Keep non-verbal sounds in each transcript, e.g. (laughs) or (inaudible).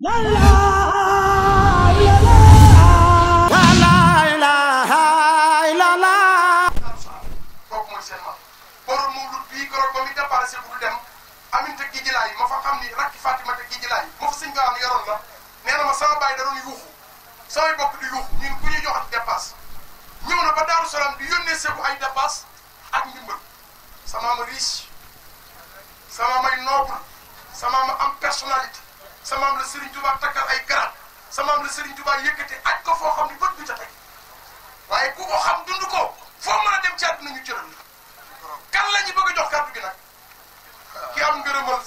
sama ma riche sama may noble sama ma am personnalité sa maam la Serigne Touba takkal ay garaat sa maam la Serigne Touba yëkkati aj ko foo xam ni bët bu ca waaye ku ko xam dund ko foo mën a dem ci àdduna ñu cëral kan la ñu bëgg a jox kàddu gi nag ki am ngërëmal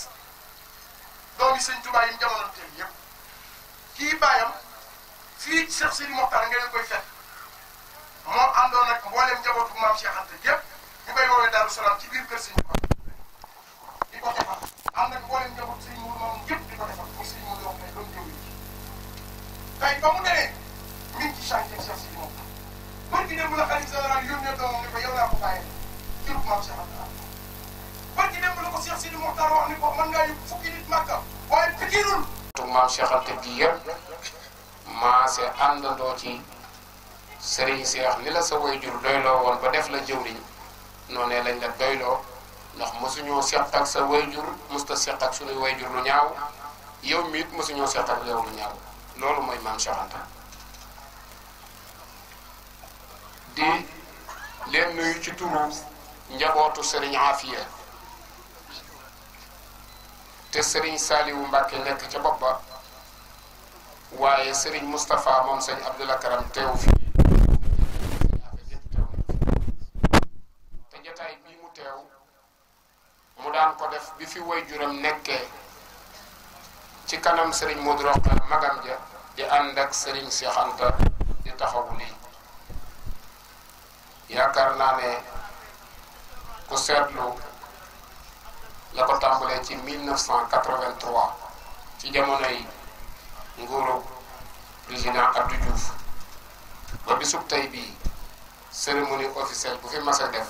doomi Serigne Touba yi jamono teel yëpp kii baayam fii Cheikh Sidi Mokhtar nga leen koy fekk moo àndoon ak mboolem njabootu maam Cheikh Anta yëpp ñu koy woowee Darou Salaam ci biir kër Serigne Mokhtar di ko defar ànd ak mboolem njabootu Serigne tey ba mu demee mi ci chantier Cheikh ni la bi yëpp maa se ci Serigne Cheikh ni la sa way jur doyloo woon ba def la jëwriñ noonee lañ la doyloo ndax mosuñoo seq ak sa way jur mosta seq ak suñuy way jur lu ñaaw yow mi it mosuñoo seq ak lu ñaaw. loolu mooy maam Cheikh di leen nuyu ci turu njabootu Serigne Afia te Serigne Saliou Mbacke nekk ca bopp ba waaye Serigne Moustapha moom sëñ Abdoulaye Karam teew fi te jataay bii mu teew mu daan ko def bi fi way juram nekkee. ci kanam sëriñ Modou Rokhaya magam ja di ànd ak sëriñ Cheikh Anta di taxawu lii yaakaar naa ne ku seetlu la ko tàmbalee ci 1983 ci jamonoy nguuru président Abdou Diouf ba bisub tey bii cérémonie officielle bu fi mas def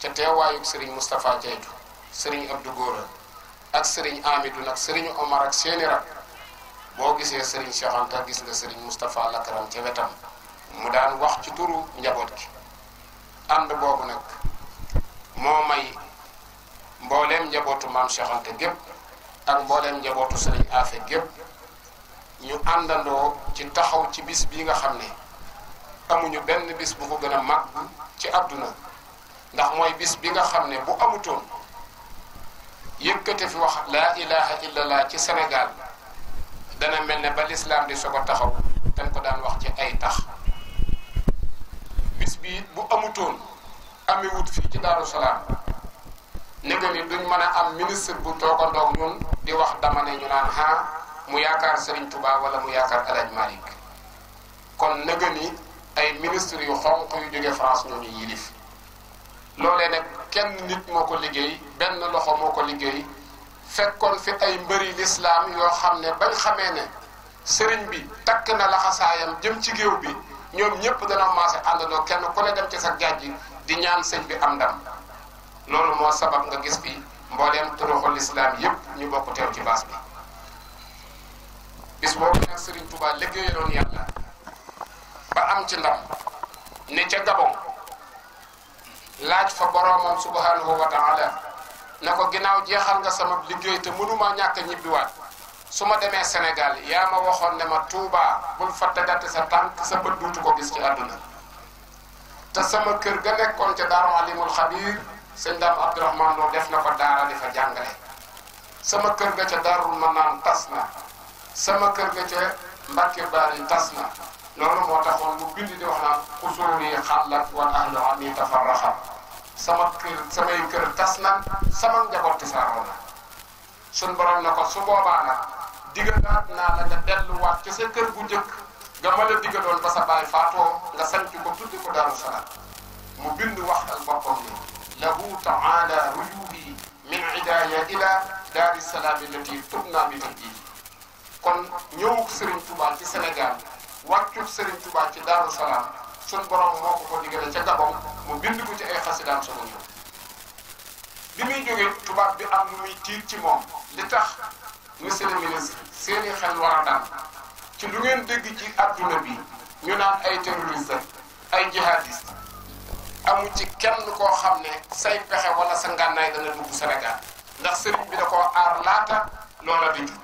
ca teewaayu sëriñ Moustapha Diatou sëriñ Abdou Gora ak sëriñ Amidou nag sëriñu Omar ak seeni rak boo gisee sëriñ Cheikh Anta gis nga sëriñ Moustapha Lakaram ca wetam mu daan wax ci turu njaboot gi ànd boobu nag moo may mbooleem njabootu maam Cheikh Anta gépp ak mbooleem njabootu sëriñ Afe gépp ñu àndandoo ci taxaw ci bis bii nga xam ne amuñu benn bis bu ko gën a ci àdduna ndax mooy bis bi nga xam ne bu amutoon yëkkate fi wax laa ilaha illallah ci senegal dana mel ne ba lislaam di soog a taxaw dañ ko daan wax ci ay tax bis bi bu amutoon amee wut fii ci Daaru Salaam ne ko ni duñ mën a am ministre bu toogandoog ñun di wax dama ne ñu naan ha mu yaakaar Serigne Touba wala mu yaakaar El Hadj kon ne ko ay ministre yu xonq yu jóge France ñoo ñu yilif loolee nag kenn nit moo ko liggéey benn loxo moo ko liggéey fekkoon fi ay mbëri lislaam yoo xam ne bañ xamee ne sëriñ bi takk na laxasaayam jëm ci géew bi ñoom ñëpp dana maase àndandoo kenn ku ne dem ci sa jàjji di ñaan sëñ bi am ndam loolu moo sabab nga gis bi mbooleem turuxu lislaam yëpp ñu bokk teew ci baas bi bis boobu nag sëriñ Tuubaa liggéeyaloon yàlla ba am ci ndam ne ca Gabon laaj fa boroomam subhanahu wa taala na ko ginnaaw jeexal nga sama liggéey te mënuma ñàkk a ñibbiwaat su ma demee Sénégal yaa ma waxoon ne ma Touba bul fa tegati sa tànk sa bët duutu ko gis ci àdduna te sama kër ga nekkoon ca Daaru Alimul Xabiir sëñ Dame Abdourahmane Lo def na ko daara di fa jàngale sama kër ga ca Daarul Manaan tas na sama kër ga ca Mbàkke Baari tas na loolu moo taxoon mu bind di wax naan xusuuri xàllat wa ahlu ami tafarraxa sama kër samay kër tas na sama njaboot tasaaroo na suñ borom na ko su boobaa nag diggalaat naa la nga delluwaat ci sa kër gu njëkk nga ma la diggaloon ba sa baay faatoo nga sanc ko tudd ko Daaru Salaam mu bind wax ak boppam ni lahu taala ruyubi min idaaya ila daari salaam allati tubna bi tahdiidi kon ñëwug Serigne Touba ci Sénégal wàccug Serigne Touba ci Daaru Salaam suñ borom moo ko ko digale ca Gabon mu bind ko ci ay xasidaam sama ñëw bi muy jógee tubaab bi am muy tiit ci moom li tax monsieur le ministre seeni xel war a daal ci lu ngeen dégg ci adduna bi ñu naan ay terroriste ay jihadiste amu ci kenn koo xam ne say pexe wala sa ngànnaay dana dugg Sénégal ndax sëriñ bi da koo aar laata loola di jug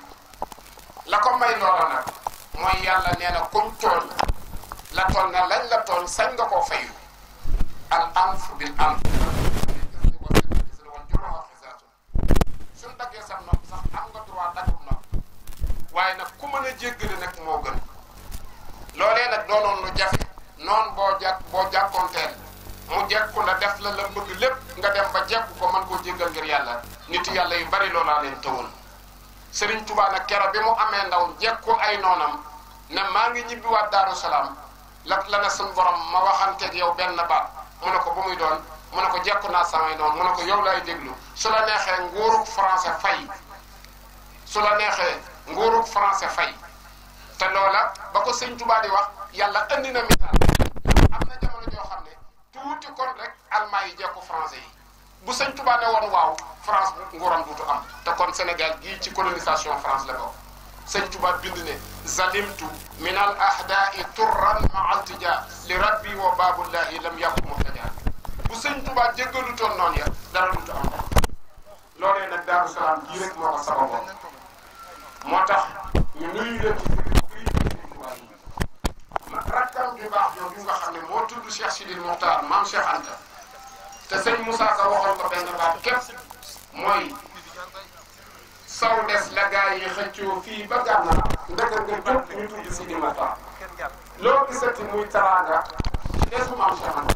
la ko may loola nag mooy yàlla nee na comme tooñ la toon na lañ la toon sañ nga koo fayu al anf bil anf suñ daggee sax nopp sax am nga droit daggul nopp waaye nag ku mën a jéggale nag moo gën loolee nag doonoon lu jafe noonu boo jàkk boo jàkkoonteel mu jekku la def la la bëgg lépp nga dem ba jekku ko man koo jéggal ngir yàlla nit yàlla yu bari loolaa leen tëwoon Sëriñ Tuubaa nag kero bi mu amee ndaw jekku ay noonam ne maa ngi ñibbiwaat Daaru Salaam la la na sun borom ma waxanteeg yow benn baat mu ne ko bu muy doon mu ne ko jekku naa samay noonu mu ne ko yow laay déglu su la neexee nguurug français fay su la neexee nguurug français fay te loola ba ko sëñ Tuubaa di wax yàlla andi na misaal am na jamono joo xam ne tuuti kon rek allemand yi jekku français yi bu sëñ Tuubaa ne woon waaw France nguuram duutu am te kon Sénégal gii ci colonisation France la bokk sëñ Tuba bind ne zalimtu min al ahdaai turran ma altija li rabbi wa baabullahi lam yàqu muhtaja bu sëñ Tuba jéggalutoon noonu ya dara du am loolee nag Daaru Salaam gii rek moo ko sababoon moo tax ñu nuyu leen ci rakkam bi baax yow yu nga xam ne moo tudd Cheikh Sidil Mokhtar maam Cheikh Anta te sëñ Moussa Ka waxoon ko benn baat képp mooy sow des la gaa yi xëccoo fii ba gànnaar ndaka nga jóg ñu tudd si di Matar loo gisati muy taraanga desu maam Cheikh Anta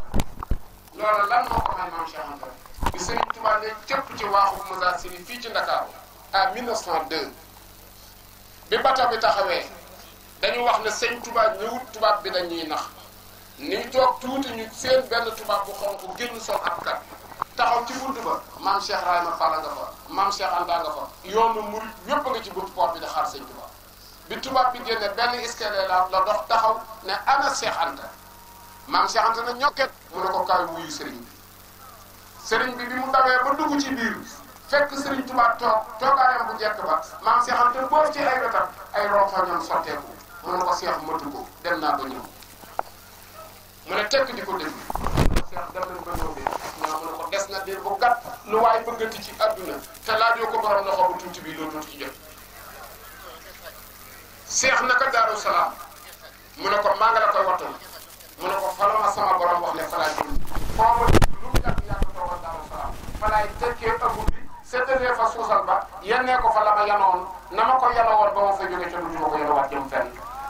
loola lan moo ko may maam Cheikh Anta bi cëpp ci waaxu Moussa Sini fii ci Ndakaaru à 1902 bi bato bi taxawee dañu wax ne sëñ tubaab ñëwut tubaab bi dañuy nax ni toog tuuti ñu seen benn tubaab bu xonk génn sol ab kat taxaw ci bunt ba maam Cheikh Rahima Fall nga fa maam Cheikh Anta nga fa yoonu nga ci buntu port bi di xaar sëñ Tuubaa bi tubaab bi génne benn escalier la la dox taxaw ne ana Cheikh Anta maam Cheikh Anta na ñokket mu ne ko kaay wuyu sëriñ bi sëriñ bi bi mu dawee ba dugg ci biir fekk sëriñ Tuubaa toog toogaayam bu njëkk ba maam Cheikh Anta boo ci ay wetam ay ronfañoon sotteeku mu ne ko Cheikh matu dem naa ba ñëw mu ne tekk di ko déglu Cheikh dem nañ ba ñëw des na diir bu gàtt lu waay bëggati ci adduna te laajoo ko borom loxo bu tuuti bi doo jot. seex naka daaru salaam mu ne ko maa ngi la koy mu ne ko fa la ma yanoon na ma ko yanoon ba ma fa jóge ca dutuma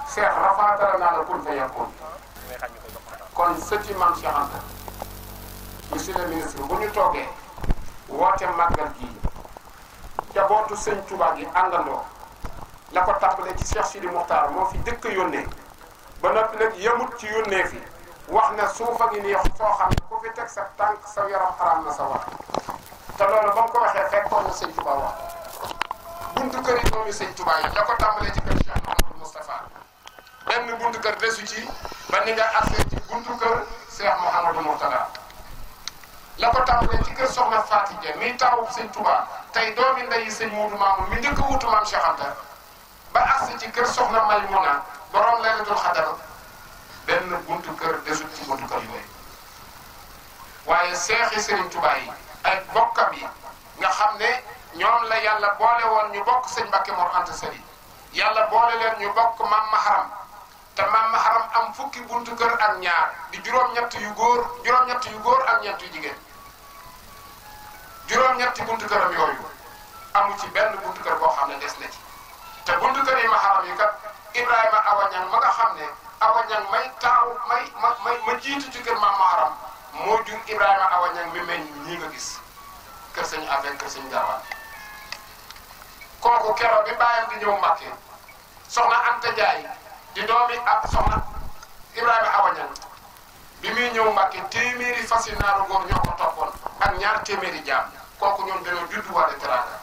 seex rafaatala naa la kun fa yàkkoon kon sëti maam Cheikh Anta monsieur le ministre bu ñu toogee woote màggal gii jabootu sëñ Touba gi àndandoo la ko tàmbalee ci Cheikh Sidi Mokhtar moo fi dëkk yónnee ba noppi nag yemut ci yónnee fi wax na suufa ngi nii soo xam ne ku fi teg sa tànk sa yaram xaraam na sa wax te loolu ba mu ko waxee fekkoon na sëñ Touba wax buntu kër yi doomi sëñ Touba yi la ko tàmbalee ci kër Cheikh Mahamadou benn buntu kër desu ci ba ni nga accès ci buntu kër Cheikh Mouhamadou Mourtada la ko tàmbalee ci kër Soxna Faati Ja miy taxawu seen Touba tey doomi ndeyi sëñ Muudu Maamun mi njëkk wutu maam Cheikh ba agsi ci kër Soxna Maymuna borom laylatul xadar benn buntu kër desut ci buntu kër yooyu waaye seexi sëriñ Touba yi ak bokkam yi nga xam ne ñoom la yàlla boole woon ñu bokk sëñ Mbàkke Mor Anta Sali yàlla boole leen ñu bokk maam Maharam te maam ma xaram am fukki buntu kër ak ñaar di juróom-ñett yu góor juróom-ñett yu góor ak ñett yu jigéen juróom-ñetti buntu këram yooyu amu ci benn buntu kër boo xam ne des na ci te buntu kër yi ma xaram yi kat Ibrahima awañang ma nga xam ne awañang may taaw may ma may ma jiitu ci kër maam ma xaram moo jur Ibrahima awañang mi meñ ñii nga gis kër sañu affaire kër sañu garwaan kooku keroog bi bàyyam di ñëw Mbàkke soxna Anta Njaay ci doomi ak soxna Ibrahima Awañan bi muy ñëw Mbàkke téeméeri fas yi naaru góor ñoo ko toppoon ak ñaar téeméeri jaam kooku ñoom dañoo judduwaale teraanga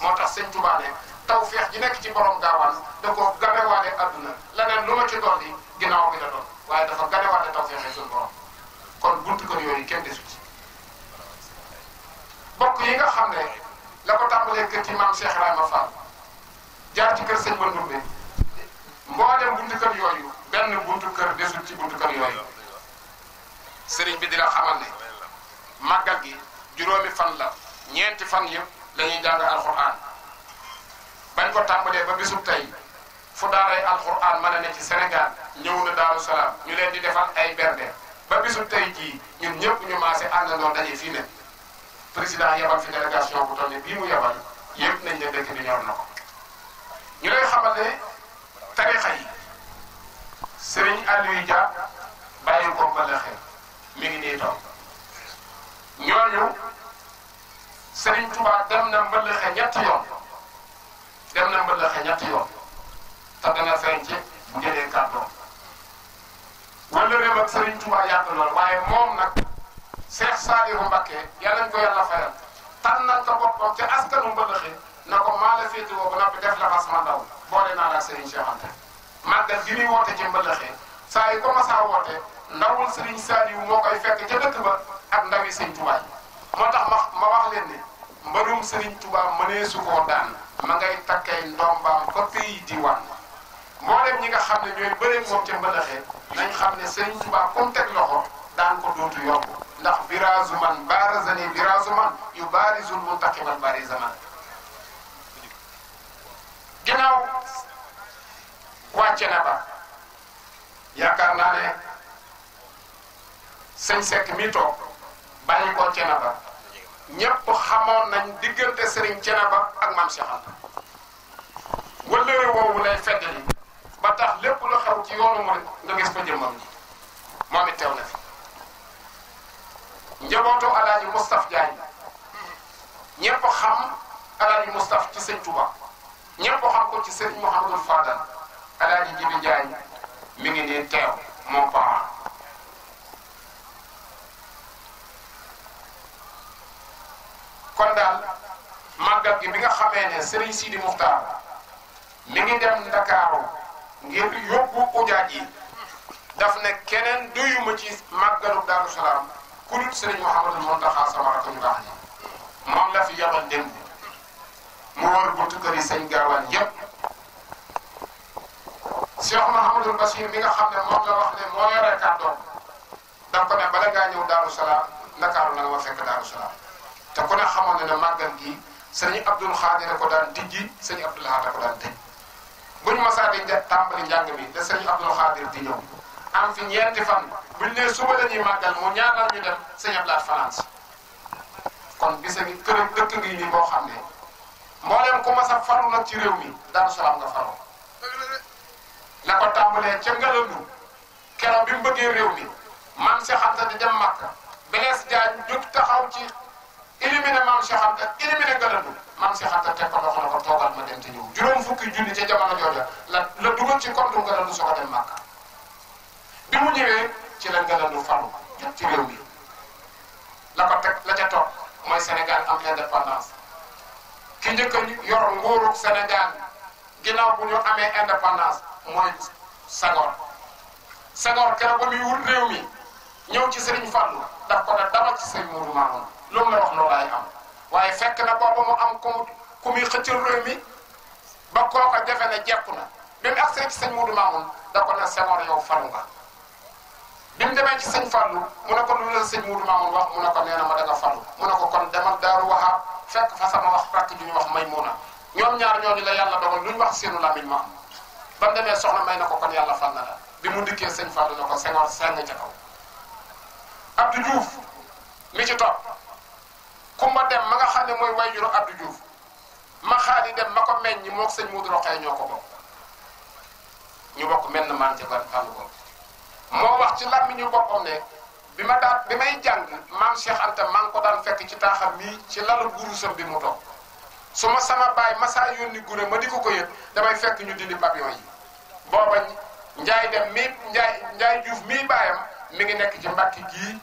moo tax sëñ Tuubaa ne taw feex ji nekk ci borom gaawaan da ko ganewaale adduna leneen lu ma ci dolli ginnaaw bi la doon waaye dafa ganewaale taw feexee suñu borom kon buntu kër yooyu kenn desu ci bokk yi nga xam ne la ko tàmbalee kër ci maam Cheikh Ibrahima Fall jaar ci kër sëñ Ba Ndumbe mboolem buntu kër yooyu benn buntu kër desul ci buntu kër yooyu sëriñ bi dina la xamal ne màggal gi juróomi fan la ñeenti fan yëpp la ñuy jàng alxuraan bañ ko tàmbalee ba bisub tey fu daaray alxuraan mën a ne ci Sénégal ñëw na Daaru Salaam ñu leen di defal ay berde ba bisub tey jii ñun ñëpp ñu maase àndandoo daje fii ne président yabal fi délégation bu toll nii bii mu yabal yëpp nañ ne dëkk bi ñor na ko ñu lay xamal ne tarixa yi sëriñ Aliou Dia bàyyi ko ba la xel mi ngi nii toog ñooñu sëriñ Touba dem na mbëllëxe ñetti yoon dem na mbëllëxe ñetti yoon te dana feeñ ci bu jëlee kàddoom wala réew ak sëriñ Touba yàgg lool waaye moom nag Seex Saalihu Mbakke yàlla ko yàlla fayal tànnal ko boppam ci askanu mbëllëxe na ko maa la féetewoo ba def la fas ma boole naa la Serigne Cheikh Anta màggal gi muy woote ci mbëllëxee saa yi commencé woote ndawul Serigne Saliou moo koy fekk ca dëkk ak ndawi Serigne Touba moo tax ma ma wax leen ne mbërum Serigne Touba mënee su koo daan ma ngay takkay ndombaam ba pays diwaan mboolem ñi nga xam ne ñooy bëree moom ca mbëllëxee nañ xam ne Serigne Touba comme teg loxo daan ko dootu yokk ndax birazu man barazani birazu man yu barizul muntaqimal barizaman ginnaaw wàcce na yaakaar naa ne sëñ Seck mi toog bàyyi ko Cenaba ñëpp xamoon nañ diggante Serigne Cenaba ak maam Cheikh Anta wëllëre woowu lay feddali ba tax lépp lu xew ci yoonu Murid nga gis ko jëmmam ji moom it teew na fi njabootu Alaaji Moustapha Diagne ñëpp xam Alaaji Moustapha ci sëñ Touba ñëpp xam ko ci sëriñ Mouhamadou Fadal alaaji Jibi Njaay mi ngi nii teew moo baax kon daal màggal gi bi nga xamee ne sëriñ Sidi Muxtaar mi ngi dem Ndakaaru ngir yóbbu ujaaj yi daf ne keneen duyuma ci màggalu Daaru Salaam ku dul sëriñ Mouhamadou Mountakha sama rakk ñu baax moom la fi yabal démb mu wër buntu kër yi sëñ gaawaan yépp Cheikh Mahamadul Bachir mi nga xamne mo moom la wax ne moo yore kàddoom da ko ne bala ga ñew daru salam nakaru na nga fekk Daaru te ko ne xamone ne màggal gi serigne Abdul Khadir ko daan tijji serigne Abdul Hadi ko daan buñu ma sa di tambali jang bi da serigne Abdul Khadir di ñew am fi ñeenti fan buñu ne suba la ñuy mu ñaanal ñu dem serigne Abdul France kon bisa bi kër dëkk gi ni bo xamne moo leen ku mas a faru nag ci réew mi Daaru Salaam nga faru la ko tàmbalee ca Ngalandu keroog bi mu bëggee réew mi maam Cheikh Anta ja dem Makka Blaise Diagne jóg taxaw ci éliminé maam Cheikh Anta éliminé Ngalandu ko loxo na ko toogal ma dem te ñëw juróom fukki junni ca jamono jooja la la dugal ci compte Ngalandu soo ko dem Makka bi mu ñëwee ci la Ngalandu faru jot ci réew mi la ko teg la ca toog mooy Sénégal am indépendance. ki njëkk a yor nguurug Sénégal ginnaaw bu ñu amee indépendance mooy Senghor Senghor keroog ba muy wut mi ñëw ci Serigne Fallou daf ko ne dama ci Serigne Mourou Mamoun lu mu la am waaye fekk na booba mu am ku ku muy xëccal réew mi ba kooka defe ne jekku na bi mu agsee ci Serigne Mourou Mamoun da ko ne Senghor yow falu nga bi demee ci Serigne Fallou mu ne ko lu la Serigne Mourou Mamoun wax mu ne ko nee na ma da nga falu mu ne ko kon demal Daaru Wahab fekk fa sama wax rakk ju ñu wax Maymuna ñoom ñaar ñooñu la yàlla dogal lu ñu wax seenu làmmiñ ma ba demee soxna may na ko kon yàlla fal na la bi mu dikkee sëñ Fallou na ko Senghor sàng ca kaw Abdou Diouf mi ci topp Kumba Dem ma nga xam ne mooy wayjuru Abdou Diouf ma xaali dem ma ko meññ moog mu Modou Rokhaya ñoo ko bokk ñu bokk menn maan ca ban ànd ko moo wax ci làmmiñu boppam ne bi ma daan bi may jàng maam Cheikh Anta man ngi ko daan fekk ci taaxam bi ci lalu gurusam bi mu toog su ma sama baay masaa yónni gune ma di ko ko yëg damay fekk ñu dindi papillon yi booba njaay dem mi njaay njaay juuf mii baayam mi ngi nekk ci mbàkki gii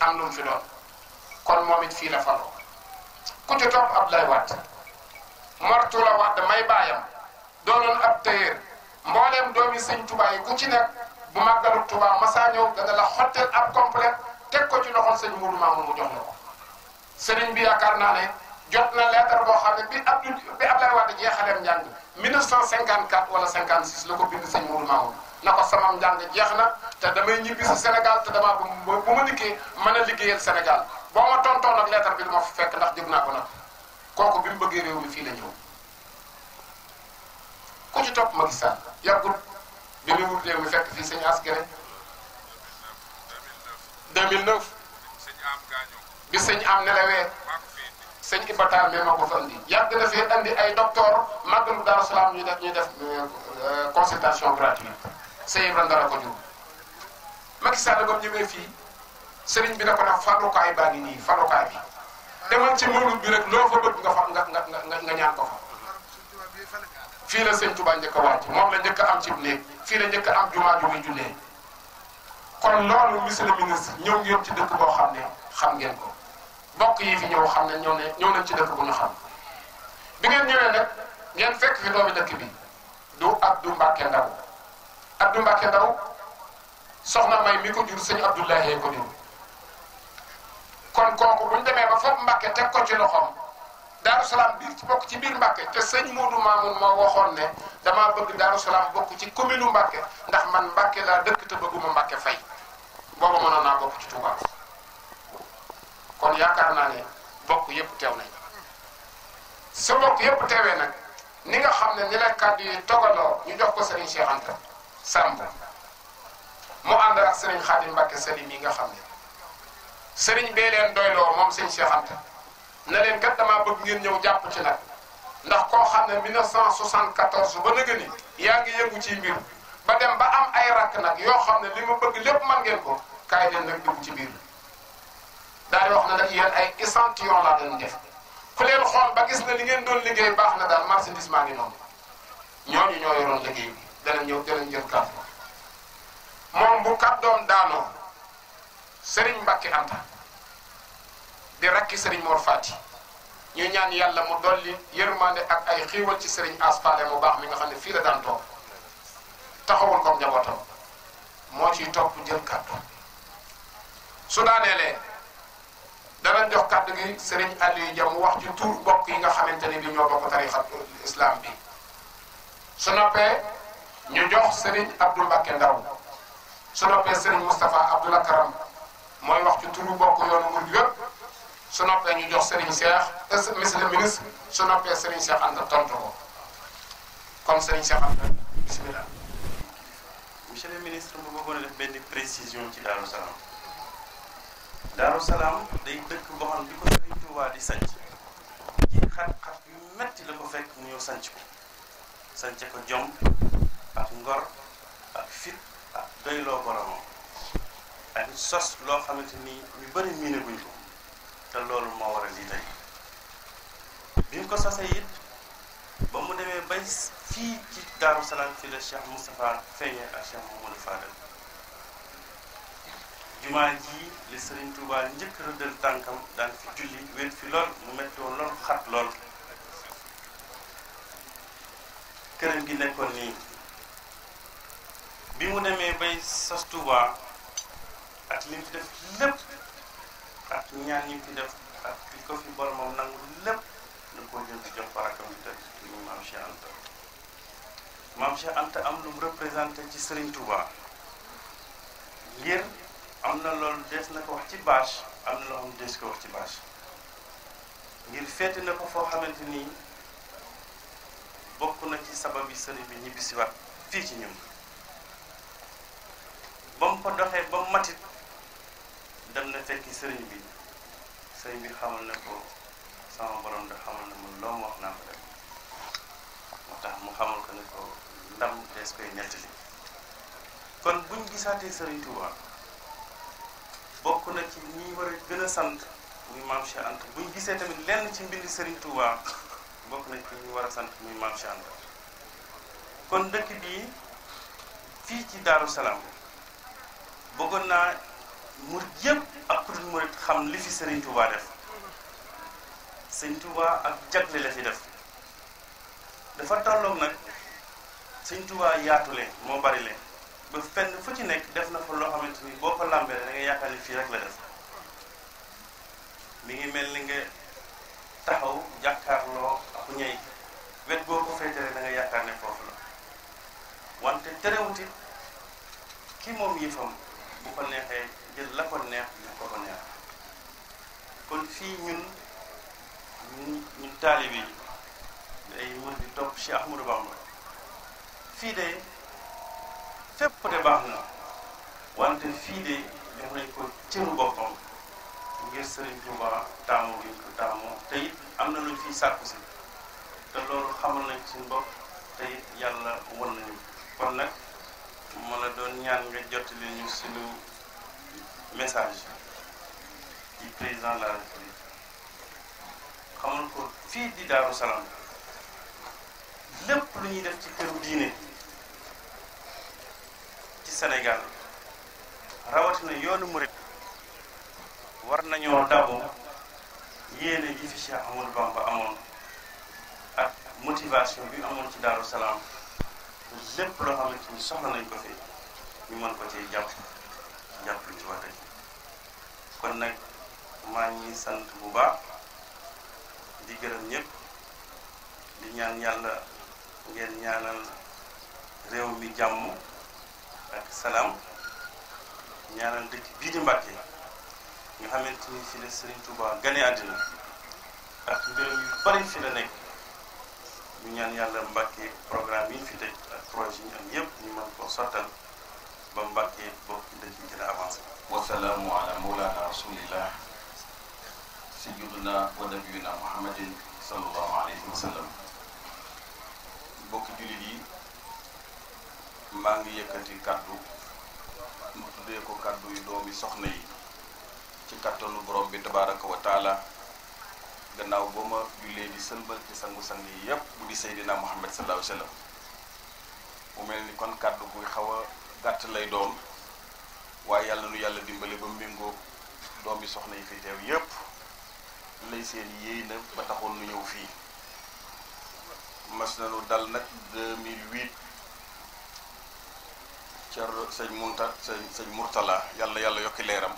am lu fi doon kon moom it fii la faloo ku ci topp Abdoulaye Wade mortu la Wade may baayam doonoon ab tailleur mbooleem doomi sëñ Tuubaa ku ci nekk bu màggalu Tuubaa masaa ñëw dana la xottel ab complet teg ko ci loxol sëñ Mourou Mamoun mu jox la ko bi yaakaar naa ne jot na leetar boo xam ne bi Abdou bi Abdoulaye Wade jeexaleem njàng 1954 wala 56 la ko bind sëñ Mourou Mamoun na ko samam njàng jeex na te damay ñibbi si Sénégal te damaa bu bu ma dikkee man a liggéeyal Sénégal boo ma tontoon ak leetar bi du ma fa fekk ndax jóg naa ko nag kooku bi mu bëggee réew mi fii la ñëw ku ci topp bi ñu wutee mu fekk fii sëñ As bi sëñ am nelawee sëñ Ibataar mais ma ko fa andi yàgg na fee andi ay docteur màggalu Daaru Salaam ñu def ñu def euh, consultation gratuite sëñ Ibrahima dara ko jur Macky Sall ba fii sëriñ bi na ko nag falukaay baa ngi nii falukaay bi demal ci mawlud bi rek loo fa bëgg nga fa nga nga nga ñaan ko fa fii la sëñ Touba njëkk a moom la njëkk am ci néeg fii la njëkk am jumaa ju mu jullee kon loolu monsieur le ministre ñëw ngeen ci dëkk boo xam ne xam ngeen ko mbokk yi fi ñëw xam ne ñoo ne ñëw nañ ci dëkk bu ñu xam bi ngeen ñëwee nag ngeen fekk fi doomi dëkk bi du Abdou Mbacke Ndaw Abdou Mbacke Ndaw soxna may mi ko jur sëñ Abdoulaye ko jur kon kooku bu ñu demee ba foofu Mbacke teg ko ci loxoom. daaru salaam biir ci bokk ci biir mbakke te sëñ Moodu Maamun moo waxoon ne damaa bëgg daaru salaam bokk ci commune Mbàkke ndax man Mbàkke laa dëkk te bëgguma Mbàkke fay booba mënoon naa bokk ci Touba kon yaakaar naa ne bokk yépp teew nañ su bokk yëpp teewee nag ni nga xam ne ni la kàddu yi togaloo ñu jox ko Serigne Cheikh Anta mu ànd ak sëriñ Khadim Mbàkke Salim yi nga xam ne Serigne bee leen doyloo moom Serigne Cheikh ne leen kat damaa bëgg ngeen ñëw jàpp ci nag ndax koo xam ne 1974 ba nëgë ni yaa ngi yëngu ci mbir ba dem ba am ay rakk nag yoo xam ne li ma bëgg lépp man ngeen ko kaay leen nag dugg ci biir daal di wax ne nag yéen ay échantillon laa doon def ku leen xool ba gis na li ngeen doon liggéey na daal marchandise maa ngi noonu ñoo yoroon liggéey bi danañ ñëw danañ jël kàddu moom bu kàddoom daanoo Serigne Mbacke Anta. di rakki sëriñ Mor Fati ñu ñaan yàlla mu dolli yërmande ak ay xiiwal ci sëriñ Aspaale mu baax mi nga xam ne fii la daan toog taxawul ko njabootam moo ciy topp jël kàddu su daaneelee danañ jox kàddu gi sëriñ Aliou mu wax ci tur bokk yi nga xamante ne bi ñoo bokk tarixa islam bi su noppee ñu jox sëriñ Abdou Mbacké Ndaw su noppee sëriñ Moustapha Abdoulaye Karam mooy wax ci turu bokk yoonu mur yëpp Je noppee ñu jox Serigne Cheikh eh, monsieur le ministre n'est pas Serigne Cheikh Anta tonto comme Serigne Cheikh Anta bismillah. monsieur le ministre def précision ci Darou Salam Darou Salam day dëkk bo xam Serigne Touba di ci xat-xat metti la fekk ñu ko ko jom ak ngor ak fit sos lo xamanteni ñu ko. te loolu moo waral lii tey bi mu ko sasee it ba mu demee bay fii ci Daaru Salaam fii la Cheikh Moustapha feeñee ak Cheikh Mamadou Fadel jumaa jii li Serigne Touba njëkk rëddal tànkam daan fi julli wéet fi lool mu metti woon lool xat lool këram gi nekkoon nii bi mu demee bay sas Touba ak li fi def lépp ak ñaan ñi fi def ak fi ko fi boromam nangu lépp da ko jël di jox barakam bi def ñu maam Cheikh Anta maam Cheikh Anta am lu mu représenté ci Serigne Touba ngir am na loolu des na ko wax ci bâche am na loo xam des ko wax ci bâche ngir féete na ko foo xamante ni na ci sabab yi sëriñ bi ñibbisiwaat fii ci ñun ba ko doxee matit dem na fekki sëriñ bi sëriñ bi xamal na ko sama borom da xamal na mun loo ma wax naa ko def moo tax mu xamal ko ne ko ndam des koy nettali kon buñ gisaatee sëriñ Touba bokk na ci ñi war a gën a sant muy maam Cheikh Anta gisee tamit lenn ci mbindi sëriñ bokk na ci sant muy maam Cheikh kon dëkk bii fii ci Daaru Salaam bëggoon naa murit yëpp ak ku dul murit xam li fi sëriñ Touba def sëriñ Touba ak jagle la fi def dafa tolloog nag sëriñ Touba yaatule moo bari leen ba fenn fu ci nekk def na fa loo xamante ni boo ko làmbee da nga yaakaar fii rek la def ngi mel ni nga taxaw jàkkaarloo ak ñay wet boo ko da nga yaakaar ne foofu la wante terewuti ki moom yëfam bu ko neexee. jël la ko neex def ko ko neex kon fii ñun ñu taalibe yi day mën di topp Cheikh Ahmadou Bamba fii de fépp de baax na wante fii de jox nañ ko cëru boppam ngir Sëriñ Tuuba taamu gi ko taamu te am na luñ fiy sàkku si te loolu xamal nañ ci bopp te it yàlla won nañu kon nag ma la doon ñaan nga jot ñu suñu message ci président de la république ko fii di Daaru lépp lu ñuy def ci këru diine ci Sénégal rawatina yoonu murit war nañoo dabo yéene ji fi Cheikh Amadou Bamba amoon ak motivation bi amoon ci Daaru Salaam lépp loo xamante ni soxla nañ ko fi ñu mën ko ci jàpp yang eh. ci wax rek kon nag maa ngi sant bu baax di gërëm ñëpp di ñaan yàlla ngeen ñaanal réew mi jàmm ak salaam ñaanal dëkk bii di Mbàkke nga xamante ni fi la Sëriñ Tuubaa gane àddina ak mbiram yu bari fi la nekk ñu ñaan yàlla Mbàkke programme yi fi ak projet ñu am yépp ñu mën ba dañ ci gën a ala mawlana rasulillah sayyiduna wa nabiyuna muhammadin sallallahu alayhi wasallam. sallam bokki julit yi maa ngi yëkkati kàddu mu tuddee ko kàddu yu doomi soxna yi ci kàttanu borom bi tabaraka wa taala gannaaw ba ma jullee di sëlbal ci sangu-sang yi yépp bu di seydina muhammad sallallahu alayhi wa sallam mu mel ni kon kàddu guy xaw a gàtt lay doon waaye yàlla nu yàlla dimbale ba méngoo doomi soxna yi fi teew yépp lay seen yéey na ba taxoon nu ñëw fii mas na nu dal nag 2008 Thierno sëñ Munta sëñ sëñ Murtala yàlla yàlla yokki leeram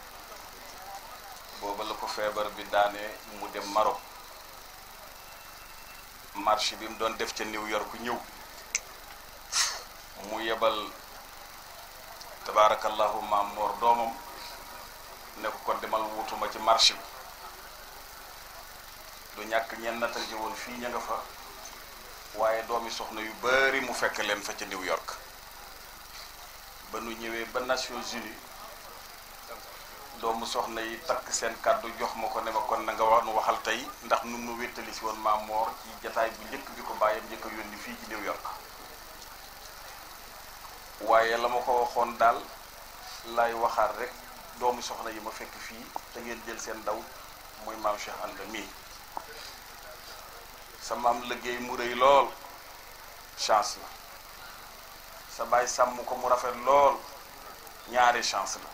booba la ko feebar bi daane mu dem Maroc marché bi mu doon def ca New York ñëw mu yebal tabaarakallahu maam moor doomam ne ko kon demal wutuma ci marché bi du ñàkk ñenn nattal ji fii ñu nga fa waaye doomi soxna yu bari mu fekk leen fa ca New York ba nu ñëwee ba Nations Unies doomu soxna yi takk seen kàddu jox ma ko ne ma kon na nga wax nu waxal tey ndax nun nu wéttali si woon maam moor ci jataay bu njëkk bi ko bàyyam njëkk a yónni fii ci New York waaye la ma ko waxoon daal lay waxaat rek doomu soxna yi ma fekk fii te ngeen jël seen daw muy maam Cheikh Anta mii sa maam liggéey mu rëy lool chance la sa baay sàmm ko mu rafet lool ñaari chance la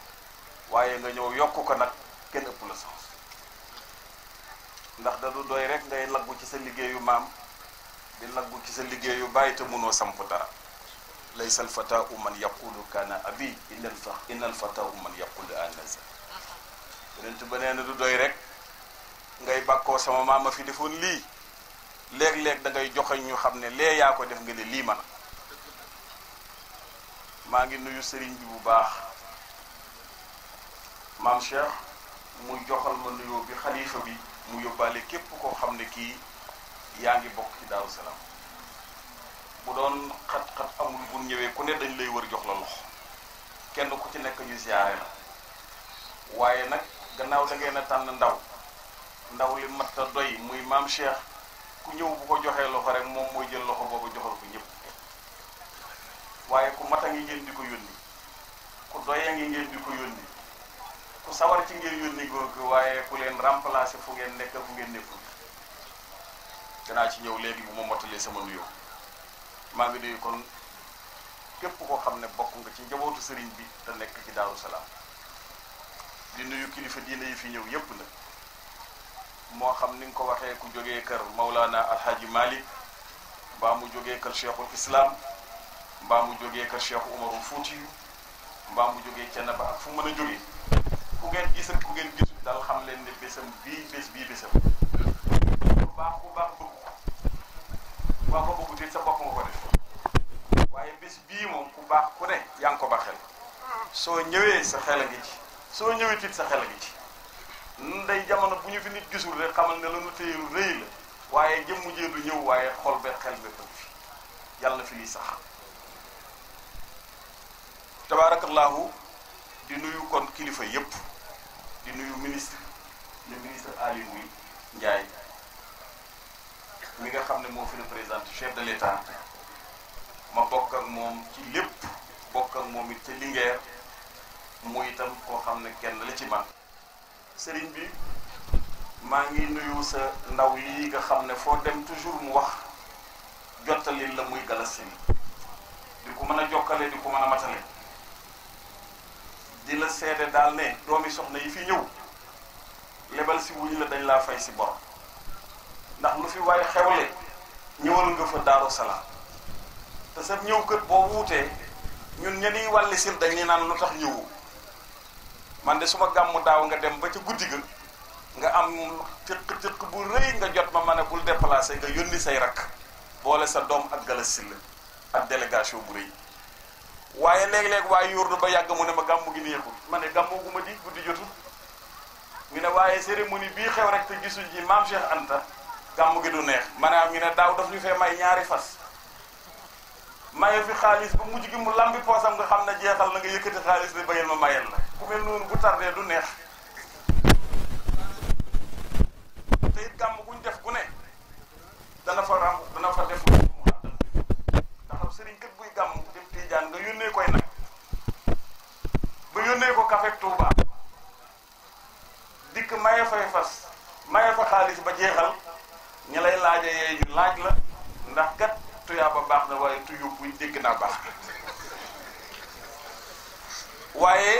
waaye nga ñëw yokk ko nag kenn ëpp la chance ndax da du doy rek ngay laggu ci sa liggéeyu maam di laggu ci sa liggéeyu bàyyi te mënoo samp dara laysa alfatau man yaqulu kana abi inna alfatau man yaqulu anasa yonent ba nee du doy rek ngay bàkkoo sama maama fi defoon lii léeg-léeg da ngay joxe ñu xam ne lee yaa ko def nga ne lii man maa ngi nuyu sëriñ bi bu baax maam Cheikh mu joxal ma nuyoo bi xalifa bi mu yóbbaale képp koo xam ne kii yaa ngi bokk ci Daaru Salaam bu doon xat-xat amul bu ñëwee ku ne dañ lay wër jox la loxo kenn ku ci nekk ñu siyaare la waaye nag gannaaw da ngeen a tànn ndaw ndaw li mat doy muy maam Cheikh ku ñëw bu ko joxee loxo rek moom mooy jël loxo boobu joxal ko ñëpp waaye ku mat a ngi ngeen di ko yónni ku doyee ngi ngeen di ko yónni ku sawar ci ngeen yónni googu waaye ku leen remplacer fu ngeen nekk fu ngeen nekkul danaa ci ñëw léegi bu ma mottalee sama nuyoo. maa ngi nuyu kon képp koo xam ne bokk nga ci njabootu sëriñ bi te nekk ci Daaru Salaam di nuyu kilifa diine yi fi ñëw yépp nag moo xam ni nga ko waxee ku jógee kër Maulana Alhaji Malik mbaa mu jógee kër Cheikhul Islam mbaa mu jógee kër Cheikh Umarul Fuuti yu mbaa mu jógee cenn ba ak fu mën a jógee ku ngeen gis ak ku ngeen gisul daal xam leen ne bésam bii bés bii bésam soo ñëwee sa xel a ngi ci soo ñëwee tiit sa xel a ngi ci nday jamono bu ñu fi nit gisul rek xamal ne lanu téye lu rëy la waaye jëmm jee du ñëw waaye xol be xel be tëb fi yàlla fi lii sax tabaarakallaahu di nuyu kon kilifa yépp di nuyu ministre le ministre Aliou Ndiaye mi nga xam ne moo fi représenté chef de l' état ma bokk ak moom ci lépp bokk moom it ca Linguère mu itam koo xam ne kenn la ci man sëriñ bi maa ngi nuyu sa ndaw yi nga xam ne foo dem toujours mu wax jottali la muy galasini di ko mën a jokkale di ko mën a matale di la seede daal ne doomi soxna yi fi ñëw lebal si wuñ la dañ laa fay si bor ndax lu fi waaye xewle ñëwal nga fa daaru salaam te sa ñëw kër boo wuutee ñun ña niy wàlli sir dañ ni naan lu tax ñëwu man de suma gàmmu daaw nga dem ba ca guddi ga nga am tiq tiq bu rëy nga jot ma ma ne bul déplacé nga yónni say rakk boole sa doom ak galas la ak délégation bu rëy waaye léeg-léeg waaye yóorlu ba yàgg mu ne ma gàmmu gi ko ma ne gàmmu gu ma di guddi jotul ngi ne waaye cérémonie bii xew rek te gisuñ ji maam Cheikh Anta gàmmu gi du neex maanaam ñu ne daaw daf ñu fee may ñaari fas maye fi xaalis bu mujj gi mu lambi posam nga xam ne jeexal na nga yëkkati xaalis bi bayel ma mayel la ku mel noonu bu tardé du neex te it gàmm guñ def gu ne dana fa ram dana fa def mu ndax sëriñ kët buy gàmm dem tiijaan nga yónnee koy nag ba yónnee ko café Touba dikk maye fay fas maye fa xaalis ba jeexal ñi lay laaja yee ñu laaj la ndax kat tuyaaba baax na waaye tu yóbbuy dégg naa baax waaye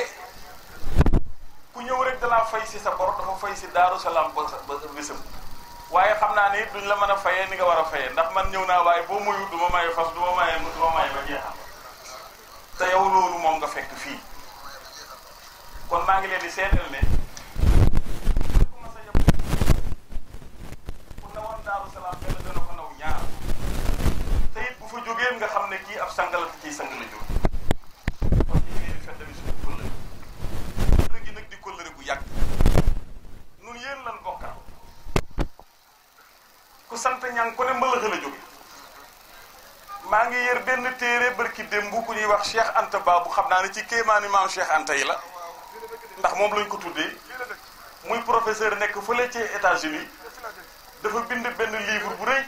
ku ñëw rek dalaa fay si sa bor dafa fay si daaru salaam ba sa ba bésam waaye xam naa ne duñ la mën a fayee ni nga war a fayee ndax man ñëw naa waaye boo muyu du ma maye fas du ma maye du ma ba jeexam te yow loolu moom nga fekk fii kon maa ngi leen di seetal ne bu jógee nga xam ne kii ab sang la kii sang nag di kóllëre bu yàgg nun yéen lan sant ñaan ku ne jóge maa ngi yër benn téere barki démb ku ñuy wax Cheikh Anta Ba bu xam naa ne ci kéemaani maam Cheikh Anta yi la ndax moom lañ ko tuddee muy professeur nekk fële ci états dafa bind benn livre bu rëy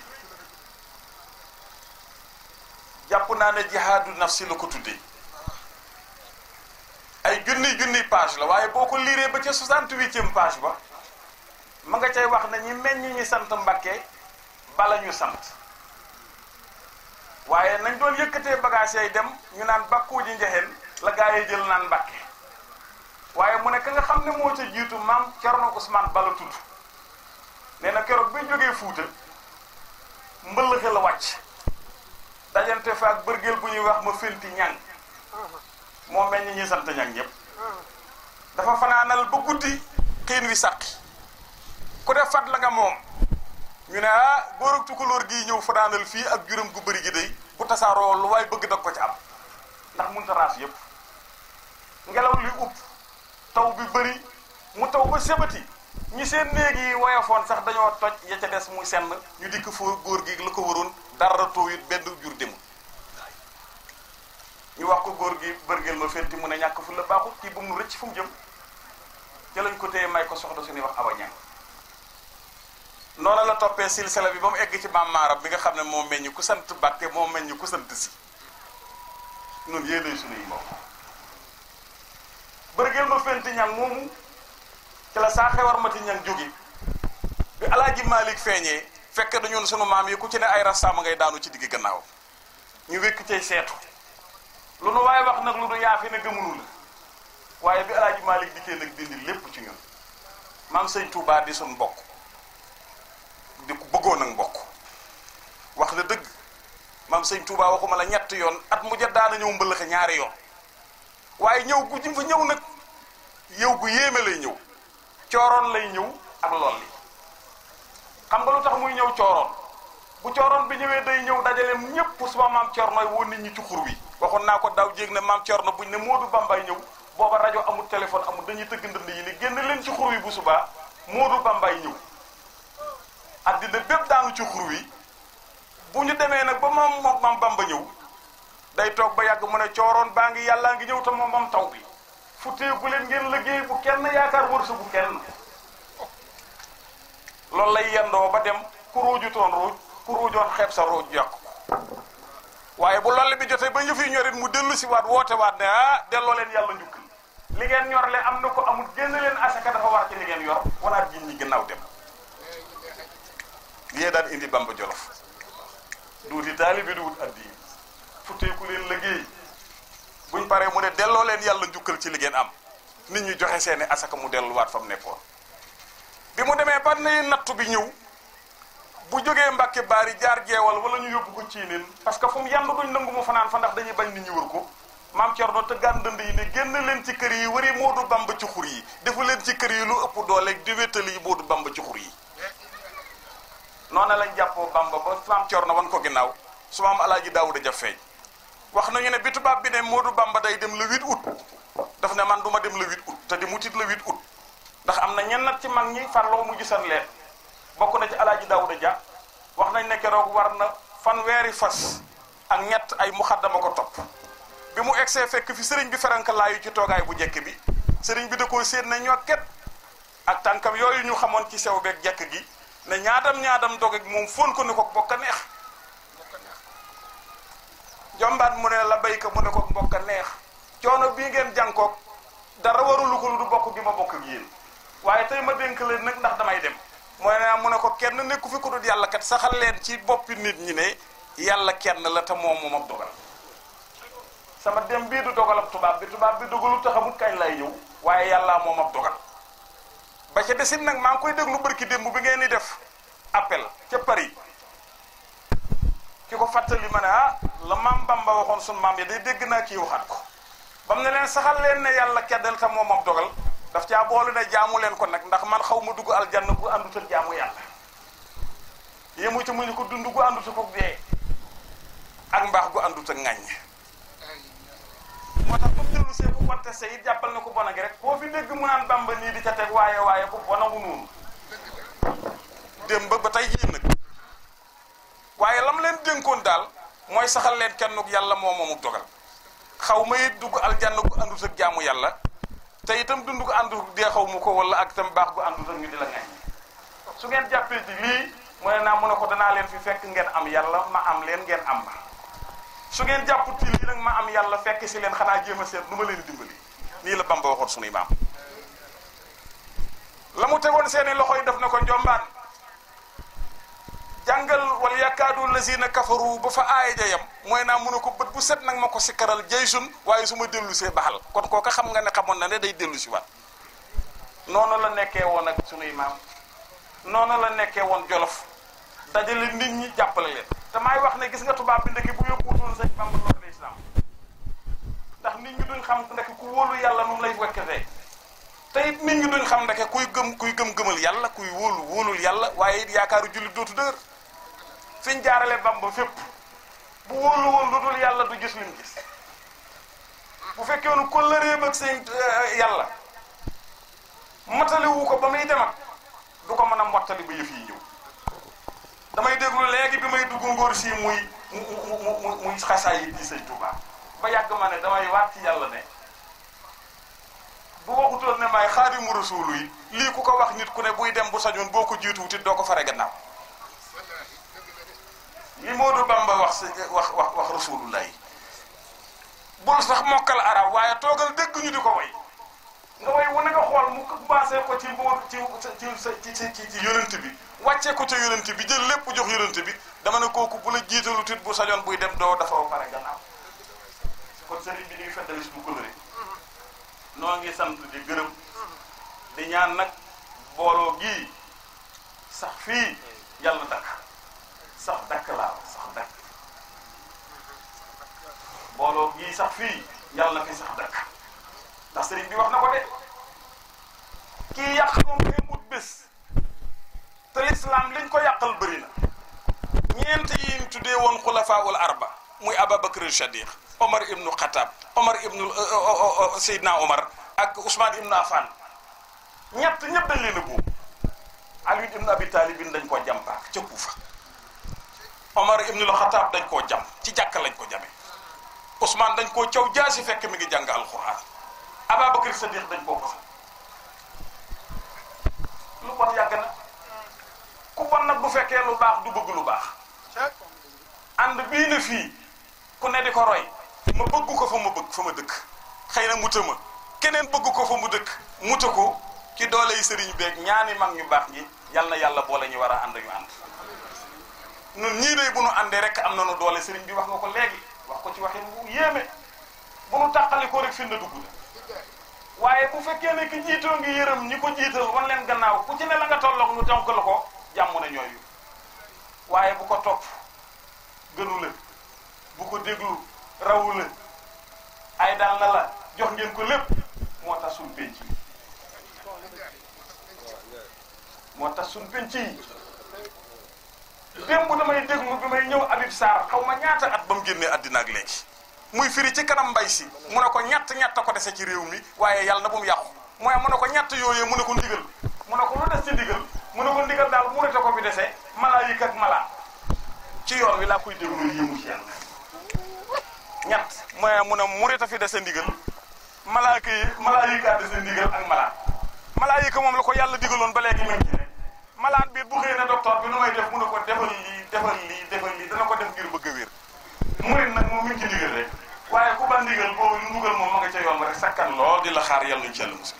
jàpp naa ne jihaadu si la ko tuddee ay junni junni page la waaye boo ko liiree ba ca soixante-huitième page ba ma nga cay wax na ñi meññ ñi sant Mbàkke bala ñu sant waaye nañ doon yëkkatee bagage yay dem ñu naan bàkkuu ji njexeen la gaa yi jël naan Mbàkke waaye mu nekk nga xam ne moo ca jiitu maam Cerno Ousmane Bala tudd nee na keroog bi jógee Fuuta mbëllëxe la wàcc dajante fa ak bërgël bu ñuy wax ma fenti ñang mo meñ ñi sant ñang ñep dafa fananal bu guddi keen wi sàqi ku def fat la nga mom ñu ne ah góorug tukulóor gi ñew fananal fi ak juram gu bari gi day bu tasaro lu way bëgg da ko ci am ndax ta taraas yëpp ngelaw li upp taw bi bari mu taw ba sebeti ñi seen néeg yi woyofoon sax dañoo toj ya ca des muy senn ñu dikk fu góor gi lu ko waroon dara tooyut benn jur dem ñu wax ko góor gi bërgel ma fenti mu ne ñàkk fu la baaxut kii bu mu rëcc fu mu jëm ca lañ ko téye may ko soxna suñuy wax abañ ñang la toppee silsila bi ba mu egg ci maam bi nga xam ne moo meññ ku sant bàkke moo meññ ku sant si noonu yéenay suñuy bërgel ma fenti moomu ci la saa xewar ti ñang jógi bi alaaji Malick feeñee fekk dañoon sunu maam yi ku ci ne ay rastaama ngay daanu ci diggi gannaaw ñu wékk cay seetu lu nu waaye wax nag lu nu yaafi ne gëmunu la waaye bi alaaji Malick dikkee nag dindi lépp ci ñun maam sëñ Touba di suñ mbokk di ku bëggoon ak mbokk wax la dëgg maam sëñ Touba waxuma la ñett yoon at mu jot daana ñëw mbëlëxe ñaari yoon waaye ñëw gu fa ñëw nag yow gu yéeme lay ñëw cooroon lay ñëw ak lolli xam nga lu tax muy ñëw cooroon bu cooroon bi ñëwee day ñëw dajale ñëpp pour suma maam coornooy woo nit ñi ci xur wi waxoon naa ko daaw jéeg ne maam coorno buñ ne Moodu Bambay ñëw booba rajo amul téléphone amul dañuy tëgg ndënd yi ni génn leen ci xur wi bu subaa Moodu Bambay ñëw addina bépp daanu ci xur wi bu ñu demee nag ba moom maam Bamba ñëw day toog ba yàgg mu ne cooroon baa ngi yàllaa ngi ñëw tam moom moom taw bi futteeku leen ngeen liggéey bu kenn yaakaar wërsu bu kenn loolu lay yendoo ba dem ku ruujutoon ruuj ku ruujoon xeeb sa ruuj yàqu waaye bu loolu bi jotee ba yëf yi ñorit mu dellu si waat woote waat ne ah delloo leen yàlla njukkal li ngeen ñorle am na ko amul génn leen asaka dafa war ci li ngeen yor walaat jin ñi gannaaw dem liyee daan indi Bamba Jolof duuti taali bi duwut addi futteeku leen liggéey buñ paré mu né delloo len yalla njukkal ci ligéen am nit ñi joxé seeni asaka mu delluwaat wat fam nekkoon bi mu démé ba nay nattu bi ñew bu joggé mbacké bari jaar jeewal wala ñu yobbu ko nin parce que fu mu duñ nangu mu fanaan fa ndax dañuy bañ nit ñi wër ko maam Cerno te dënd yi ne génn leen ci kër yi wëri moodu bamb ci xur yi defu leen ci kër yi lu ëpp dooleeg di wéttal yi moodu bamba ci xur yi noona lañ jappo bamba ba maam Cerno wan ko ginnaaw su alaaji daawuda ja feeñ wax nañu ne bi tubaab bi ne Modou Bamba day dem le 8 août dafa ne man duma ma dem le 8 août te di mutit le 8 août ndax am na nag ci mag ñi farloo mu gisan leen bokk na ci alaaji Daawuda Dia wax nañ ne keroog war na fanweeri fas ak ñett ay muxaddama ko topp bi mu egsee fekk fi sëriñ bi feranka laayu ci toogaay bu jekk bi sëriñ bi da koo séen na ñokket ak tànkam yooyu ñu xamoon ci sew beek jekk gi ne ñaadam ñaadam dogeeg moom fóon ko ni ko bokk neex Jombat mu ne la ko mu ne ko mbokk neex coono bi ngeen jànkoog dara waru ko lu bokk gi ma bokk ak yéen waaye tey ma dénk leen nag ndax damay dem mooy ne mu ne ko kenn nekku fi ko dul yàlla kat saxal leen ci boppi nit ñi ne yàlla kenn la te moom moom dogal sama dem bii du dogal ak tubaab bi tubaab bi dogalu taxamut kañ lay ñëw waaye yàlla moom ak dogal ba ca desit nag maa ngi koy déglu barki démb bi ngeen di def appel ca Paris ki ko fàttali ma ah, la maam Bamba waxoon sunu maam ya day dégg naa kii waxaat ko bam ne leen saxal leen ne yàlla keddal te moom ab dogal daf caa boole ne jaamu leen ko nag ndax man xaw ma dugg aljanna bu àndut ak jaamu yàlla yéemu ca mu ñu ko dund gu àndut ak dee ak mbaax gu àndut ak ŋàññ moo tax bu dellu see bu botte see it jàppal na ko bona gi rek koo fi dégg mu naan Bamba nii di ca teg waaye waaye bu bona wu noonu démb ba tey jii nag waaye lam leen dénkoon daal mooy saxal leen kennuk yàlla moo moomu dogal xaw ma it dugg aljanna gu àndut ak jaamu yàlla te itam dund ko àndul dee xaw mu ko wala ak itam baax gu àndut ak ñu di la ngañ su ngeen jàppee ci lii mu ne naa mu ne ko naa leen fi fekk ngeen am yàlla ma am leen ngeen am ma su ngeen jàpput ci lii ma am yàlla fekk si leen xanaa jéem a seet nu ma leen dimbali nii la Bamba waxoon sunuy maam la mu tegoon seeni loxo yi def na ko njombaan jàngal wal yaakaadu na kafaru ba fa aaya ja yam mooy naa mun a ko bët bu set nag ma ko sikkaral jay sun waaye su ma dellu see baxal kon kooka xam nga ne xamoon na ne day dellu si waat noonu la nekkee woon ak sunuy maam noonu la nekkee woon jolof dajale nit ñi jàppale leen te maay wax ne gis nga tubaab bi ndekki bu yóbbuwutoon sëñ Bamba loolu lislaam ndax nit ñi duñ xam ndekki ku wóolu yàlla moom lay wekkatee te it nit ñi duñ xam ndekki kuy gëm kuy gëm gëmal yàlla kuy wóolu wóolul yàlla waaye it yaakaaru jullit dootu dëgër fiñ jaarale bamba fépp bu wóolu woon lu dul yàlla du gis lim gis bu fekkeenu kóllëreem ak sëñ eh, yàlla mataliwu ko ba muy dem ak du ko mën a mottali bu yëf yi ñëw damay déglu léegi bi may dugg ngóor si muy mu muy xasaay yi di sëñ Tuubaa ba yàgg ma ne damay waat ci yàlla ne bu waxutoon ne may xaadimu rasuulu yi lii ku ko wax nit ku ne buy dem bu sañoon boo ko jiituwutit doo ko fare gannaaw li Moodu Bamba wax sa wax wax wax rasulullah yi bul sax mokkal arab waaye toogal dëgg ñu di ko way nga way wu ne xool mu basé ko ci boo ci ci ci ci ci bi wàccee ko ca yonent bi jël lépp jox yonent bi dama ne kooku bu la jiitalu tit bu sañoon buy dem doo dafa pare gannaaw kon sëriñ bi ñuy feddalis bu coloré noo ngi sant di gërëm di ñaan nag booloo gii sax fii yàlla dakk sax dakk laa sax dakk mbooloo gii sax fii yàlla na fi sax dakk ndax bi wax na ko de kii yàq moom kay mut bés te lislaam liñ ko yàqal bëri na ñeent yi ñu tuddee woon xulafaawul arba muy Ababacar Sadiq Omar ibnu Khattab Omar ibnu euh, euh, euh, Seydina Omar ak Ousmane ibnu Affan ñett ñëpp dañ leen a boobu Aliou ibnu Abi Talib dañ ko jàmpaak ca Kufa omar ibn al khattab dañ ko jam ci jakk lañ ko jame ousmane dañ ko ciow jasi fekk mi ngi jang jàng alquran ababakar sadiq dañ ko fas lu ko yàgg na ku bon nak bu fekke lu bax du bëgg lu bax and bi ne fi ku ne di ko roy ma bëgg ko fa ma bëgg fa ma dëkk xeyna muta ma keneen bëgg ko fa mu dëkk muta ko ki doley serigne sëriñ ñaani mag ñu bax ñi yalla yalla bo lañu wara and a ànd ñu ànd nun ñii day bu nu àndee rek am na nu doole sëriñ bi wax nga ko léegi wax ko ci waxin bu yéeme bu nu tàqali ko rek fi na dugg waaye bu fekkee ne ki jiitoo ngi yërëm ñi ko jiital wan leen gannaaw ku ci la nga tolloog nu tënk la ko jàmm na ñooyu waaye bu ko topp gënu bu ko déglu rawu la ay daal na la jox ngeen ko lépp moo tax suñ penc yi moo tax suñ démb damay déglu bi may ñëw Habib Sarr xaw ma ñaata at ba mu génnee àddina ak léegi muy firi ci kanam mbay si mu ne ko ñett ñett a ko dese ci réew mi waaye yàlla na bu mu yàqu mooy mu ne ko ñett yooyee mu ne ko ndigal mu ne ko lu des ci ndigal mu ne ko ndigal daal mu rete ko fi dese malaa yi ak malaa ci yoon wi laa koy déglu yéemu ci yàlla ñett mooy mu ne mu rete fi dese ndigal malaaka yi malaayika ak malaa malaayika moom la ko yàlla digaloon ba léegi mu ngi malaan bi bu xëy na docteur bi nu may def mun na ko defal lii defal lii defal lii dana ko def ngir bëgg a wér murit nag moom mi ci ndigal rek waaye ku ba ndigal boobu lu ndugal moom ma nga ca yoon ba rek sakkan lool di la xaar yàlla ñu ci yàlla mos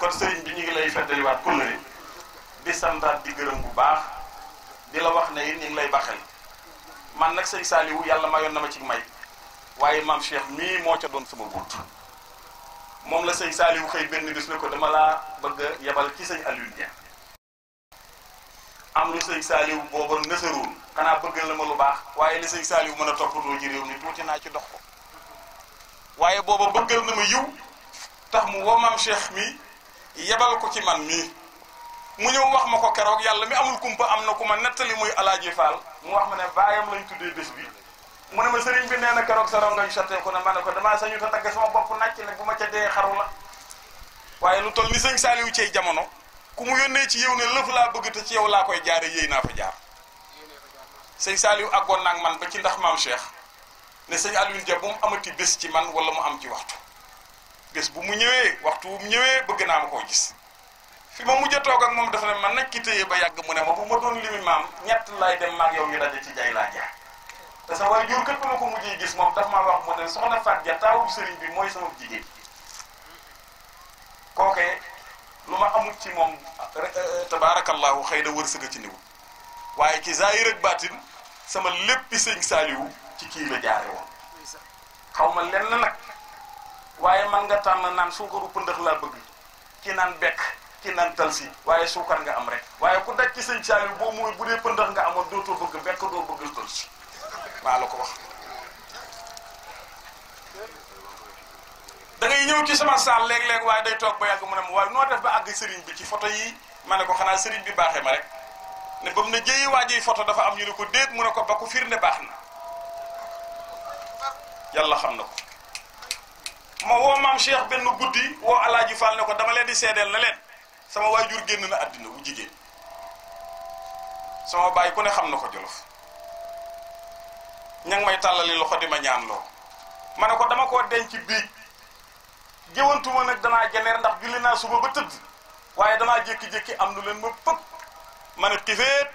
kon sëriñ bi ñu ngi lay feddaliwaat kóllëre santaat di gërëm bu baax di la wax ne it ñu ngi lay baxal man nag sëñ Saliou yàlla mayoon na ma ci may waaye maam Cheikh mii moo ca doon sama bunt moom la sëñ Saliou xëy benn bis ne ko dama laa bëgg a yebal ci sëñ Alioune Niang am lu sëñ saaliw booba nësaruwul xanaa bëggal na ma lu baax waaye li sëñ saliw mën a toppatoo ji réew mi tuuti naa ci dox ko waaye booba bëggal na ma yiw tax mu woo maam cheikh mi yebal ko ci man mii mu ñëw wax ma ko keroog yàlla mi amul kumpa am na ku ma nettali muy alaaji faal mu wax ma ne baayam lañ tuddee bés bi mu ne ma sëriñ bi nee na keroog sa rongañ sottee ko ne ma ne ko damaa sañu ta tagg sama bopp nàcc ne bu ma ca dee xaru la waaye lu toll ni sëñ saliw ciy jamono ku mu yónnee ci yow ne leuf la bëgg te ci yow la koy jaare yeey na fa jaar sey saliw agon nak man ba ci ndax maam Cheikh ne sey alu Dia bu mu amati bes ci man wala mu am ci waxtu bes bu mu ñëwé waxtu bu mu ñëwé bëgg na ma koo gis fi ma ak mom dafa ne man nak ki teye ba yag mu ne ma bu ma doon limi mam ñett lay dem mak yow ñu daje ci jay la jaar da sa waay jur kepp ma ko gis mom daf ma wax mu ne soxna ja taw bu serigne bi moy sama jigeen ci moom euh, euh, tabaarakallahu xëy na wërsëg a ci niw waaye ci zaahir ak baatin sama léppi sëñ saaliwu ci kii la jaare woon xaw ma lenn nag waaye man nga tànn naan suukaru pëndëx laa bëgg ci naan bekk ki naan talsi waaye suukar nga am rek waaye ku daj ci sëñ saaliwu boo mooy bu dee pëndëx nga amoon dootoo bëgg bekk doo bëgg talsi maa la ko wax da ngay ñëw ci sama saal léeg-léeg waaye day toog ba yàgg mu ne ma waaye noo def ba àgg sëriñ bi ci foto yi ma ne ko xanaa sëriñ bi baaxee ma rek ne ba mu ne jëyi waa jiy foto dafa am ñu ne ko déet mu ne ko ba ku firnde baax na xam na ko ma maam Cheikh benn guddi woo Alaaji Fall ne ko dama leen di seedeel na sama waajur génn na àddina bu jigéen sama ku ne xam na ko jolof ña ngi may tàllali loxo di ma ñaan koo denc biig jëwantuma nag damaa janeer ndax julli naa suba ba tëdd waaye damaa jékki-jékki am lu leen ma pëpp ma ne tifeet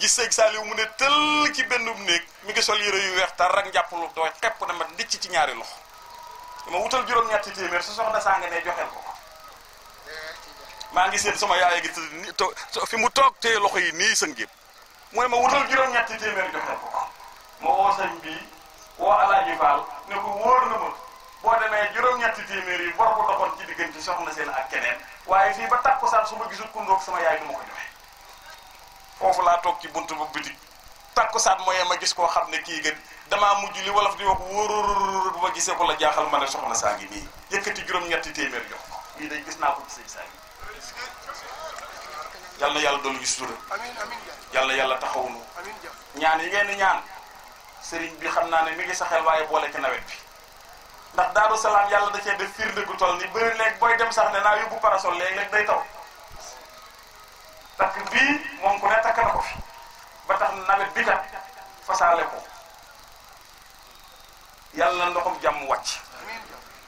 gis sëñ Saliou mu ne tëll ci benn néeg mi ngi sol yére yu weex tar rek njàpp lu dooy xepp na ma ndicc ci ñaari loxo dama wutal juróom-ñetti téeméer su soxna saa nga ne joxeel ko maa ngi seen sama yaay gi to fi mu toog te loxo yi nii sëngéem mu ne ma wutal juróom-ñetti téeméer joxeel ko ko ma woo sëñ bi woo Alaaji Faal ne ko wóor na ma boo demee juróom-ñetti téeméer yi bor bu doxoon ci diggante soxna seen ak keneen waaye fii ba takkusaan su ma gisul kundoog sama yaay du ma ko joxe foofu laa toog ci buntu bu bitig takkusaan mooy ma gis koo xam ne kii gën damaa mujj li wolof di wax wóoróoróor bu ma gisee ko la jaaxal ma ne soxna saa ngi nii yëkkati juróom-ñetti téeméer jox ko lii day gis naa ko ci sëñ saa ngi yàlla na yàlla doolu gi sutura yàlla yàlla taxawunu ñaan yi ngeen ñaan sëriñ bi xam naa ne mi ngi sa xel waaye boole ci nawet bi ndax daaru salaam yàlla da cee def firnde gu toll ni bëri léeg booy dem sax ne naa yóbbu parasol léeg day taw takk bii moom ku ne takk na ko fi ba tax nawet bi kat fasaale ko yàlla na ndoxam jàmm wàcc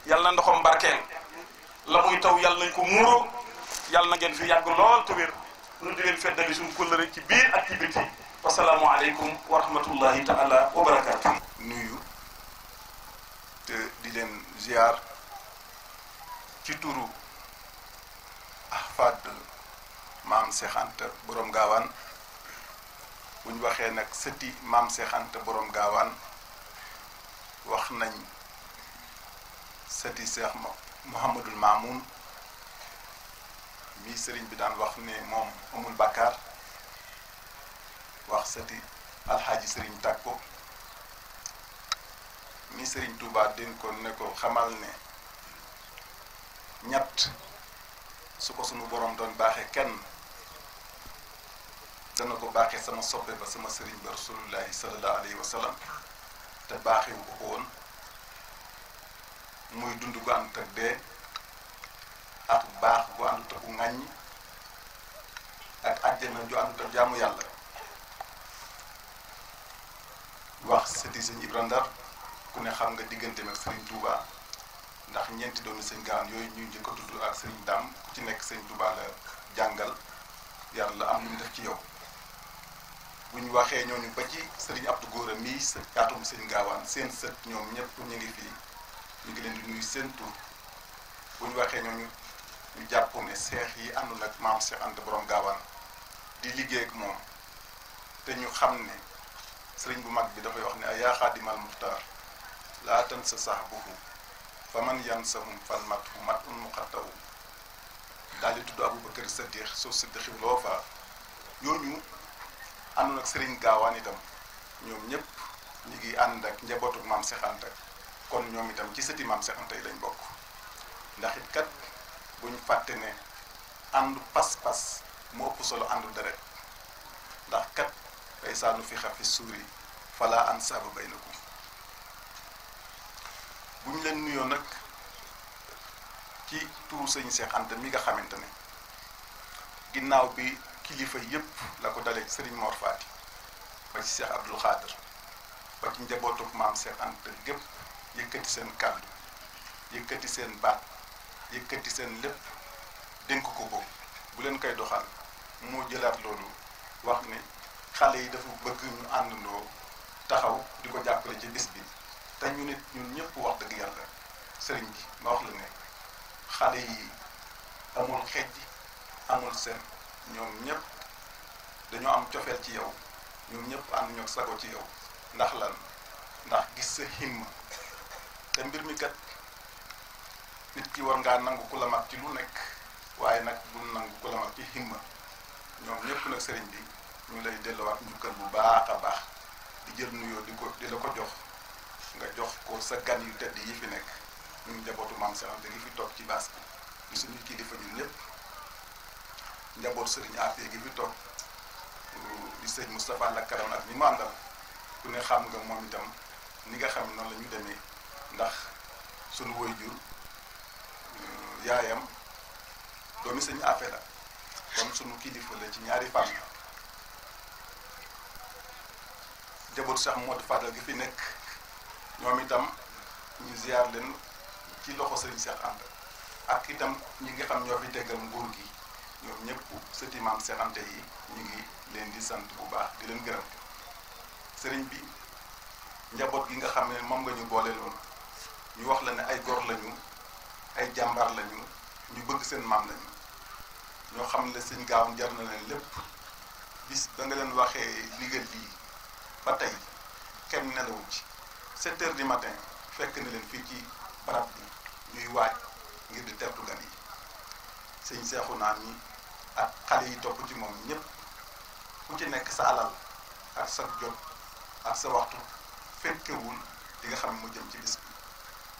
yàlla na ndoxam barkeel la muy taw yàlla nañ ko muuroo yàlla na ngeen fi yàgg lool te wér nu di leen feddali suñu kóllëre ci biir ak ci biti wasalaamu aleykum wa rahmatullahi taala te di leen ziar ci turu ahfad maam Cheikh Anta gaawaan bu waxee nag sëti maam Cheikh boroom borom gaawaan wax nañ sëti Cheikh Mouhamadul Maamoun mi sëriñ bi daan wax ne moom amul bàkkaar wax sëti alxaaji sëriñ Takko. ni Serigne Touba dénk ko ne ko xamal ne ñett su ko sunu borom doon baaxee kenn dana ko baaxe sama soppe ba sama sëriñ ba rasulullahi sallallahu alayhi wa te baaxewu ko ko woon muy dund gu ànd ak dee ak baax ko ànd ak ŋàññ ak àjjana ju ànd ak jaamu yàlla wax sëti sëñ Ibra ku ne xam nga digënté ak Serigne Touba ndax ñeenti doon sëñ Gaawaan yoy ñu jëk tuddu ak Serigne Dam ku ci nekk Serigne Touba la jangal yalla am lu def ci yow buñ waxé waxee ñooñu ba ci Serigne Abdou Gora mi sa katum sëñ Gawan seen sët ñom ñepp ñi ngi fi ñi ngi leen di nuyu seen bu waxé ñu ne cheikh yi ak maam cheikh Anta borom gawan di liggéey ak moom te ñu xam ne sëriñ bu mag bi dafay wax ne ay yaa xaadimal laa tan sa sahbuhu fa man yan sahum fal mat hu mat un muqattahu daal di tudd Aboubacar Saddiq suuf si dëxi loo fa ñooñu àndoon ak Serigne Gaawaan itam ñoom ñëpp ñu ngi ànd ak njabootu maam Cheikh Anta kon ñoom itam ci sëti maam Cheikh Anta yi lañ bokk ndax it kat bu ñu fàtte ne àndu pas-pas mu ëpp solo àndu deret ndax kat day saanu fi xafi suuri fala bay na baynakum bu ñu leen nuyoo nag ci turu sëñ Cheikh yi nga xamante ne ginnaaw bi kilifa yépp la ko dalee Serigne Mor Fati ba ci Cheikh Abdoul Khader ba ci njabootu maam Cheikh Anta gépp yëkkati seen kàddu yëkkati seen baat yëkkati seen lépp dénk ko ko bu leen koy doxal moo jëlaat loolu wax ni xale yi dafa bëgg ñu àndandoo taxaw di ko jàppale ci bis bi. te ñu nit ñun ñëpp wax dëgg yàlla sëriñ bi ma wax la ne xale yi amul xej amul seen ñoom ñëpp dañoo am cofeel ci yow ñoom ñëpp ànd ñoo sago ci yow ndax lan ndax gis sa himma te mbir mi kat nit ki war ngaa nangu ku la mat ci lu nekk waaye nag bul nangu ku la mat ci himma ñoom ñëpp nag sëriñ bi ñu lay delluwaat njukkal bu baax a baax di jël nuyoo di ko di la ko jox nga jox ko sa gan yu tedd yi fi nekk ñun njabootu maam Cheikh Anta gi fi toog ci baas bi ñu suñu kilifa ñun ñëpp njaboot sëriñ Afia gi fi toog di sëñ Moustapha Lakaram nga moom itam ni nga xam noonu la ñu demee ndax sunu waajur euh, yaayam doomi sëñ Afia la kon sunu kilifa la ci ñaari fànn njaboot sax moo di gi fi nekk. ñoom itam ñu ziar leen ci loxo sëriñ Cheikh ak itam ñi nga xam ñoo fi tegal nguur gi ñoom ñëpp sëti maam Cheikh yi ñu ngi leen di sant bu baax di leen gërëm sëriñ bi njaboot gi nga xam ne moom nga ñu boole loon ñu wax la ne ay góor lañu ay jàmbaar lañu ñu bëgg seen maam lañu ñoo xam ne seen gaaw njar na leen lépp bis ba nga leen waxee ndigal lii ba tey kenn nelawul ci sept heures matin fekk na leen fii ci barab bi ñuy waaj ngir di tertu gan yi sëñ seexu naan ñi ak xale yi topp ci moom ñëpp ku ci nekk sa alal ak sa jot ak sa waxtu fekkewul li nga xam mu jëm ci bis bi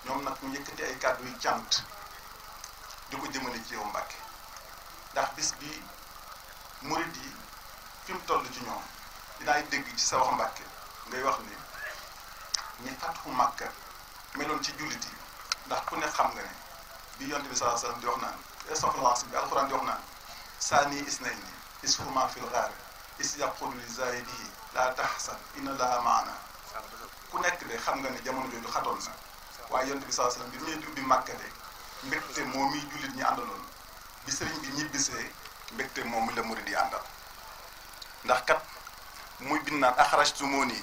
ñoom nag ñu yëkkati ay kàddu yu cant di ko jëmale ci yow Mbàkke ndax bis bi murit yi fi mu toll ci ñoom dinaay dégg ci sa wax Mbàkke ngay wax ni ñi fatxu Makka meloon ci jullit yi ndax ku ne xam nga ne bi yonte bi sallallahu alayhi wasallam di wax naan estafrance bi alxuraan di wax naan saani isnayni ishuma fil ghaari is yaqulu li zaayidihi laa tahzan inna Allaha ma'ana ku nekk de xam nga ne jamono jooju xatoon na waaye yonte bi sallallahu alayhi wasallam bi muy ubbi Makka de mbégte moo miy jullit ñi àndaloon bi sëriñ bi ñibbisee mbégte moom la murid àndal ndax kat muy bind naan axrajtumuni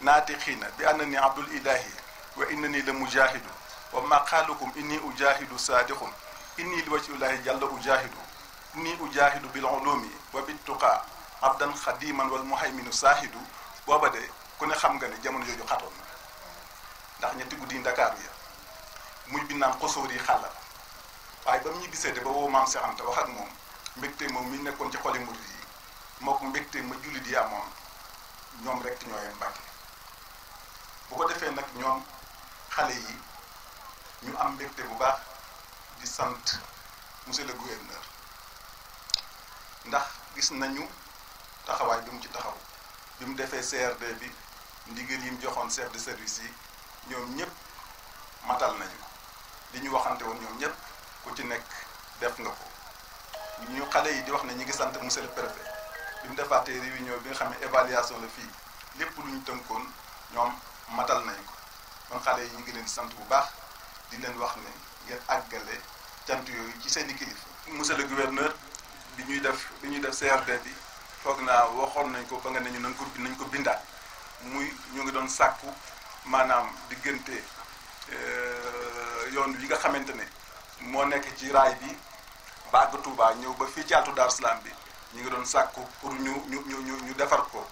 ناطقين بأنني عبد الإله وإنني لمجاهد وما قالكم إني أجاهد صادق إني لوجه الله جل أجاهد إني أجاهد بالعلوم وبالتقى عبدا خديما والمهيمن ساهد booba de ku ne xam nga ne jamono jooju xatoon na ndax ñetti guddi ndakaaru ya muy binnaan xosóor yi xàllal waaye ba mu ñu gisee de ba woo maam Seex Anta wax ak moom mbégte moom mi nekkoon ci xoli murid yi moo ko mbégte ma jullit yi amoon ñoom rek ñooyam bàkki bu ko defee nag ñoom xale yi ñu am mbégte bu baax di sant monsieur le gouverneur ndax gis nañu taxawaay bi mu ci taxaw bi mu defee CRD bi ndigal yi mu joxoon chef de service yi ñoom ñëpp matal nañu ko li ñu waxante woon ñoom ñëpp ku ci nekk def nga ko ñu xale yi di wax na ñu ngi sant monsieur le préfet bi mu defaatee réunion bi nga xam ne évaluation la fii lépp lu ñu tënkoon ñoom matal nañ ko kon xale yi ñu ngi leen sant bu baax di leen wax ne ngeen àggale cant yooyu ci seen i kilifa. monsieur le gouverneur bi ñuy def bi ñuy def CRD bi foog naa waxoon nañ ko ba nga ne ñu nañ ko nañ muy ñu ngi doon sàkku maanaam diggante euh, yoon yi nga xamante ne moo nekk ci raay bi ba àgg ñëw ba fii ci àttu Darou bi ñu ngi doon sàkku pour ñu ñu ñu ñu defar ko.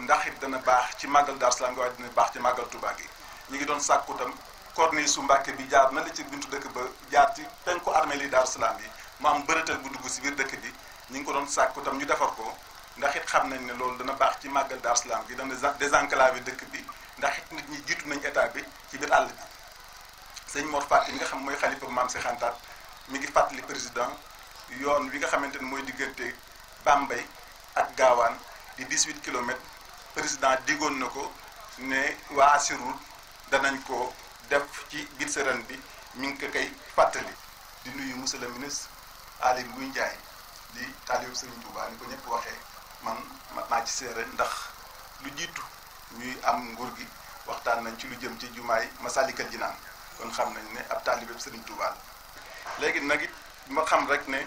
ndax it dana baax ci màggal Daaru Salaam gi waaye dina baax ci màggal Touba gi ñu ngi doon sàkku tam corniche su Mbàkke bi jaar na la ci buntu dëkk ba jaar ci penku armée li Daaru Salaam bi mu am bërëtël bu dugg si biir dëkk bi ñu ngi ko doon sàkku tam ñu defar ko ndax it xam nañ ne loolu dana baax ci màggal Daaru Salaam gi dana désenclavé dëkk bi ndax it nit ñi jiitu nañ état bi ci biir àll bi sëñ Mor Faty mi nga xam mooy xalifa Maam Si Xantaat mi ngi fàttali président yoon wi nga xamante ne mooy diggante Bambey ak Gaawaan di 18 kilomètres président diggoon na ko ne waa Asiroute danañ ko def ci biir sëran bi mi ngi ko koy fàttali di nuyu monsieur le ministre Aly Ngouille Ndiaye di taalibu Serigne Touba ni ko ñëpp waxee man naa ci seere ndax lu jiitu ñuy am nguur gi waxtaan nañ ci lu jëm ci jumaay Masalikul Jinaan kon xam nañ ne ab taalibu Serigne Touba léegi nag it ma xam rek ne euh,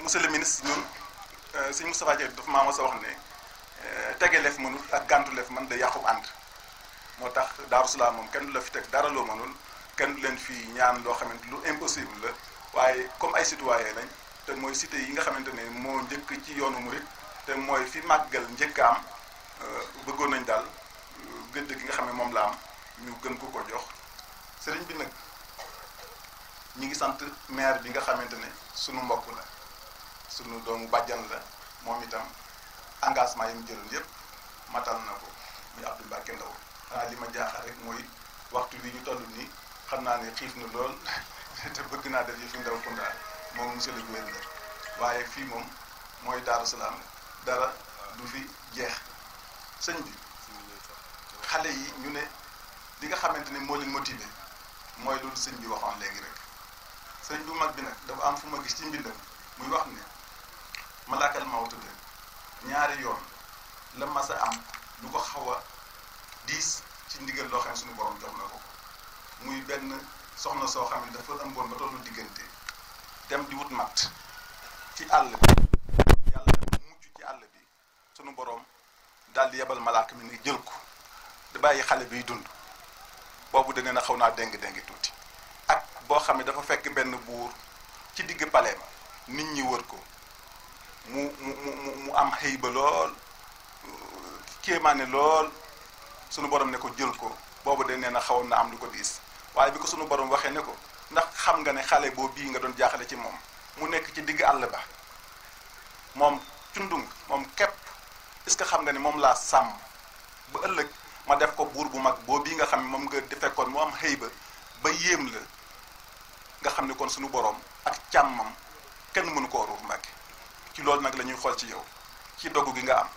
monsieur le ministre ñun. Euh, sëñ Moustapha Diagne dafa ma mos a wax ne euh, tegeleef mënul ak gàntuleef man da yàqub ànd moo tax Daaru Salaam moom kenn du la fi teg dara loo mënul kenn du leen fi ñaan loo xamante lu impossible la waaye comme ay citoyen lañ te mooy cité yi nga xamante ne moo njëkk ci yoonu murit te mooy fi màggal njëkkaam euh, bëggoon nañ daal gëdd gi nga xam ne moom la am ñu gën ko ko jox sëriñ bi nag ñi ngi sant maire bi nga xamante ne sunu mbokk la sunu doomu bàjjan la moom itam engagement yi mu jëloon yëpp matal na ko muy Abdou Mbacke Ndaw xanaa li ma jaaxal rek mooy waxtu bi ñu toll nii xam naa ne xiif na lool (laughs) te bëgg naa def yëfi ndaw Kounda moom monsieur le gouverneur waaye fii moom mooy Daaru Salaam dara du fi jeex sëñ bi xale yi ñu ne li nga xamante ne moo leen motivé mooy loolu sëñ bi waxoon léegi rek sëñ bu mag bi nag dafa am fu ma gis ci mbindam muy wax ne. malakal mawtu ga ñaari yoon la mas a am lu ko xaw a diis ci ndigal loo xam ne sunu borom jox na ko muy benn soxna soo xam ne dafa ëmboon ba tollu di wut matt ci àll bi mucc ci àll bi sunu borom daal yebal malaaka jël ko bàyyi xale biy dund boobu da ngeen a xaw naa déng-déng tuuti ak boo xam ne dafa fekk benn buur ci digg palais ba nit ñi wër ko mu mu mu am xëy ba lool kéemaane lool sunu borom ne ko jël ko boobu de nee na xawoon na am lu ko diis waaye bi ko sunu boroom waxee ne ko ndax xam nga ne xale boobu bii nga doon jaaxale ci moom mu nekk ci digg àll ba moom cundung moom képp est-ce que xam nga ne moom laa sàmm ba ëllëg ma def ko buur bu mag boo bii nga xam ne moom nga di fekkoon mu am xëy ba ba yéem la nga xam ne kon sunu boroom ak càmmam kenn mënu koo ruuf Mbàkke ci lool nag lañuy xol ci yow ci dogu gi nga am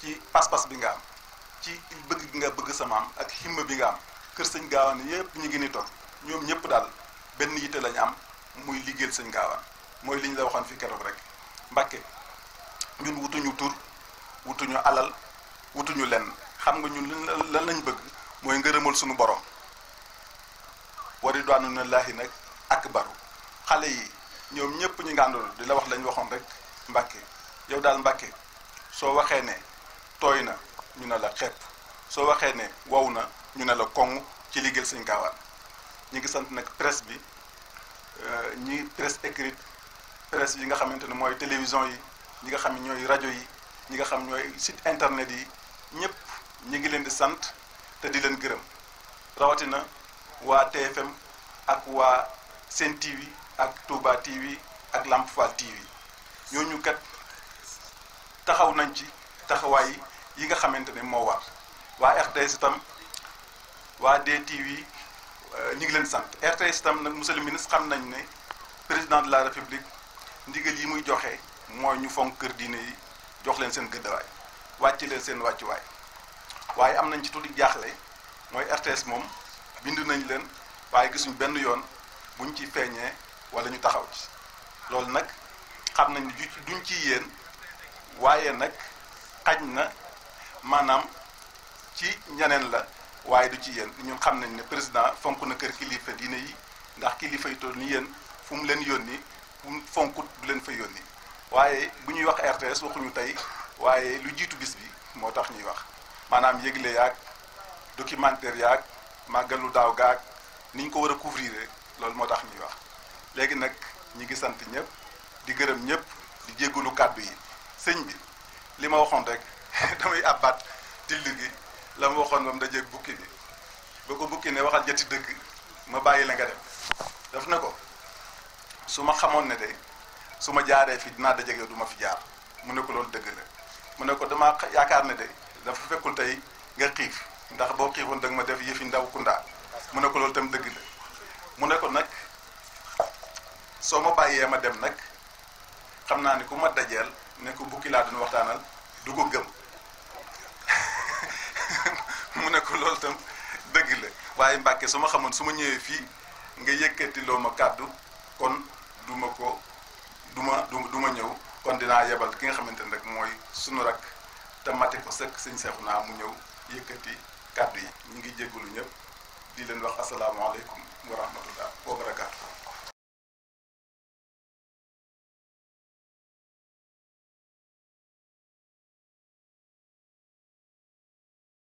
ci pas-pas bi nga am ci bëgg gi nga bëgg sama am ak himma bi nga am kër sëñ gaawaan yépp ñu ngi ni toog ñoom ñëpp daal benn yitte lañ am muy liggéel sëñ gaawaan mooy liñ la waxoon fi kérok rek Mbàkke ñun wutuñu tur wutuñu alal wutuñu lenn xam nga ñun lan lañ bëgg mooy ngërëmal suñu borom wari doanu na lahi nag ak baru xale yi ñoom ñëpp ñu ngàndoon di la wax lañ waxoon rek Mbàkke yow daal Mbàkke soo waxee ne tooy na ñu ne la xepp soo waxee ne wow na ñu ne la koŋ ci liggéey sëñ Gaawaan ñu ngi sant nag presse bi euh, ñi presse écrite presse yi nga xamante ne mooy télévision yi ñi nga xam ne ñooy rajo yi ñi nga xam ñooy site internet yi ñëpp ñu ngi leen di sant te di leen gërëm rawatina waa TFM ak waa Sen TV ak Touba TV ak Lamp Fall TV. ñooñu kat taxaw nañ ci taxawaay yi nga xamante ne moo war waa RTS itam waa DTV euh, ñu ngi leen sant RTS itam nag monsieur le ministre xam nañ ne président de la république ndigal yi muy joxe mooy ñu fonk kër diine yi jox leen seen gëddawaay wàcc leen seen wàccuwaay waaye am nañ ci tuuti jaaxle mooy RTS moom bind nañ leen waaye gisuñ benn yoon buñ ci feeñee wala ñu taxaw ci loolu nag. xam nañ du duñ ci yéen waaye nag xaj na maanaam ci ñeneen la waaye du ci yéen ñun xam nañ ne président fonk na kër kilifa diine yi ndax kilifa yi toll ni yéen fu mu leen yónni fu mu fonkut du leen fa yónni waaye bu ñuy wax RTS waxuñu tey waaye lu jiitu bis bi moo tax ñuy wax maanaam yëgle yaag documentaire yaag màggalu daaw gaag ni ñu ko war a couvrir loolu moo tax ñuy wax léegi nag ñi ngi sant ñëpp di gërëm ñëpp di jégalu kàddu yi sëñ bi li ma waxoon rek (laughs) damay abbat tilli gi la ma waxoon ba mu dajeeg bukki bi ba ko bukki ne waxal jati dëgg ma bàyyi la nga dem daf na ko su ma xamoon ne de su ma jaaree fi dinaa dajeeg yow du ma fi jaar mu ne ko loolu dëgg la mu ne ko damaa yaakaar ne de dafa fekkul tey nga xiif ndax boo xiifoon danga ma def yëfi ndaw kundaa mu ne ko loolu tam dëgg la mu ne ko nag soo ma bàyyee ma dem nag xam naa ne ku ma dajeel ne ko bukki laa doon waxtaanal du ko gëm (laughs) mu ne ko loolu tam dëgg la waaye Mbàkke su ma xamoon su ma ñëwee fii nga yëkkati loo ma kàddu kon du ma ko du ma du ma ñëw kon dinaa yebal ki nga xamante ne rek mooy sunu rak te mate ko sëkk sëñ seexu naa mu ñëw yëkkati kàddu yi ñu ngi jégalu ñëpp di leen wax asalaamaaleykum wa rahmatullah wa barakaatu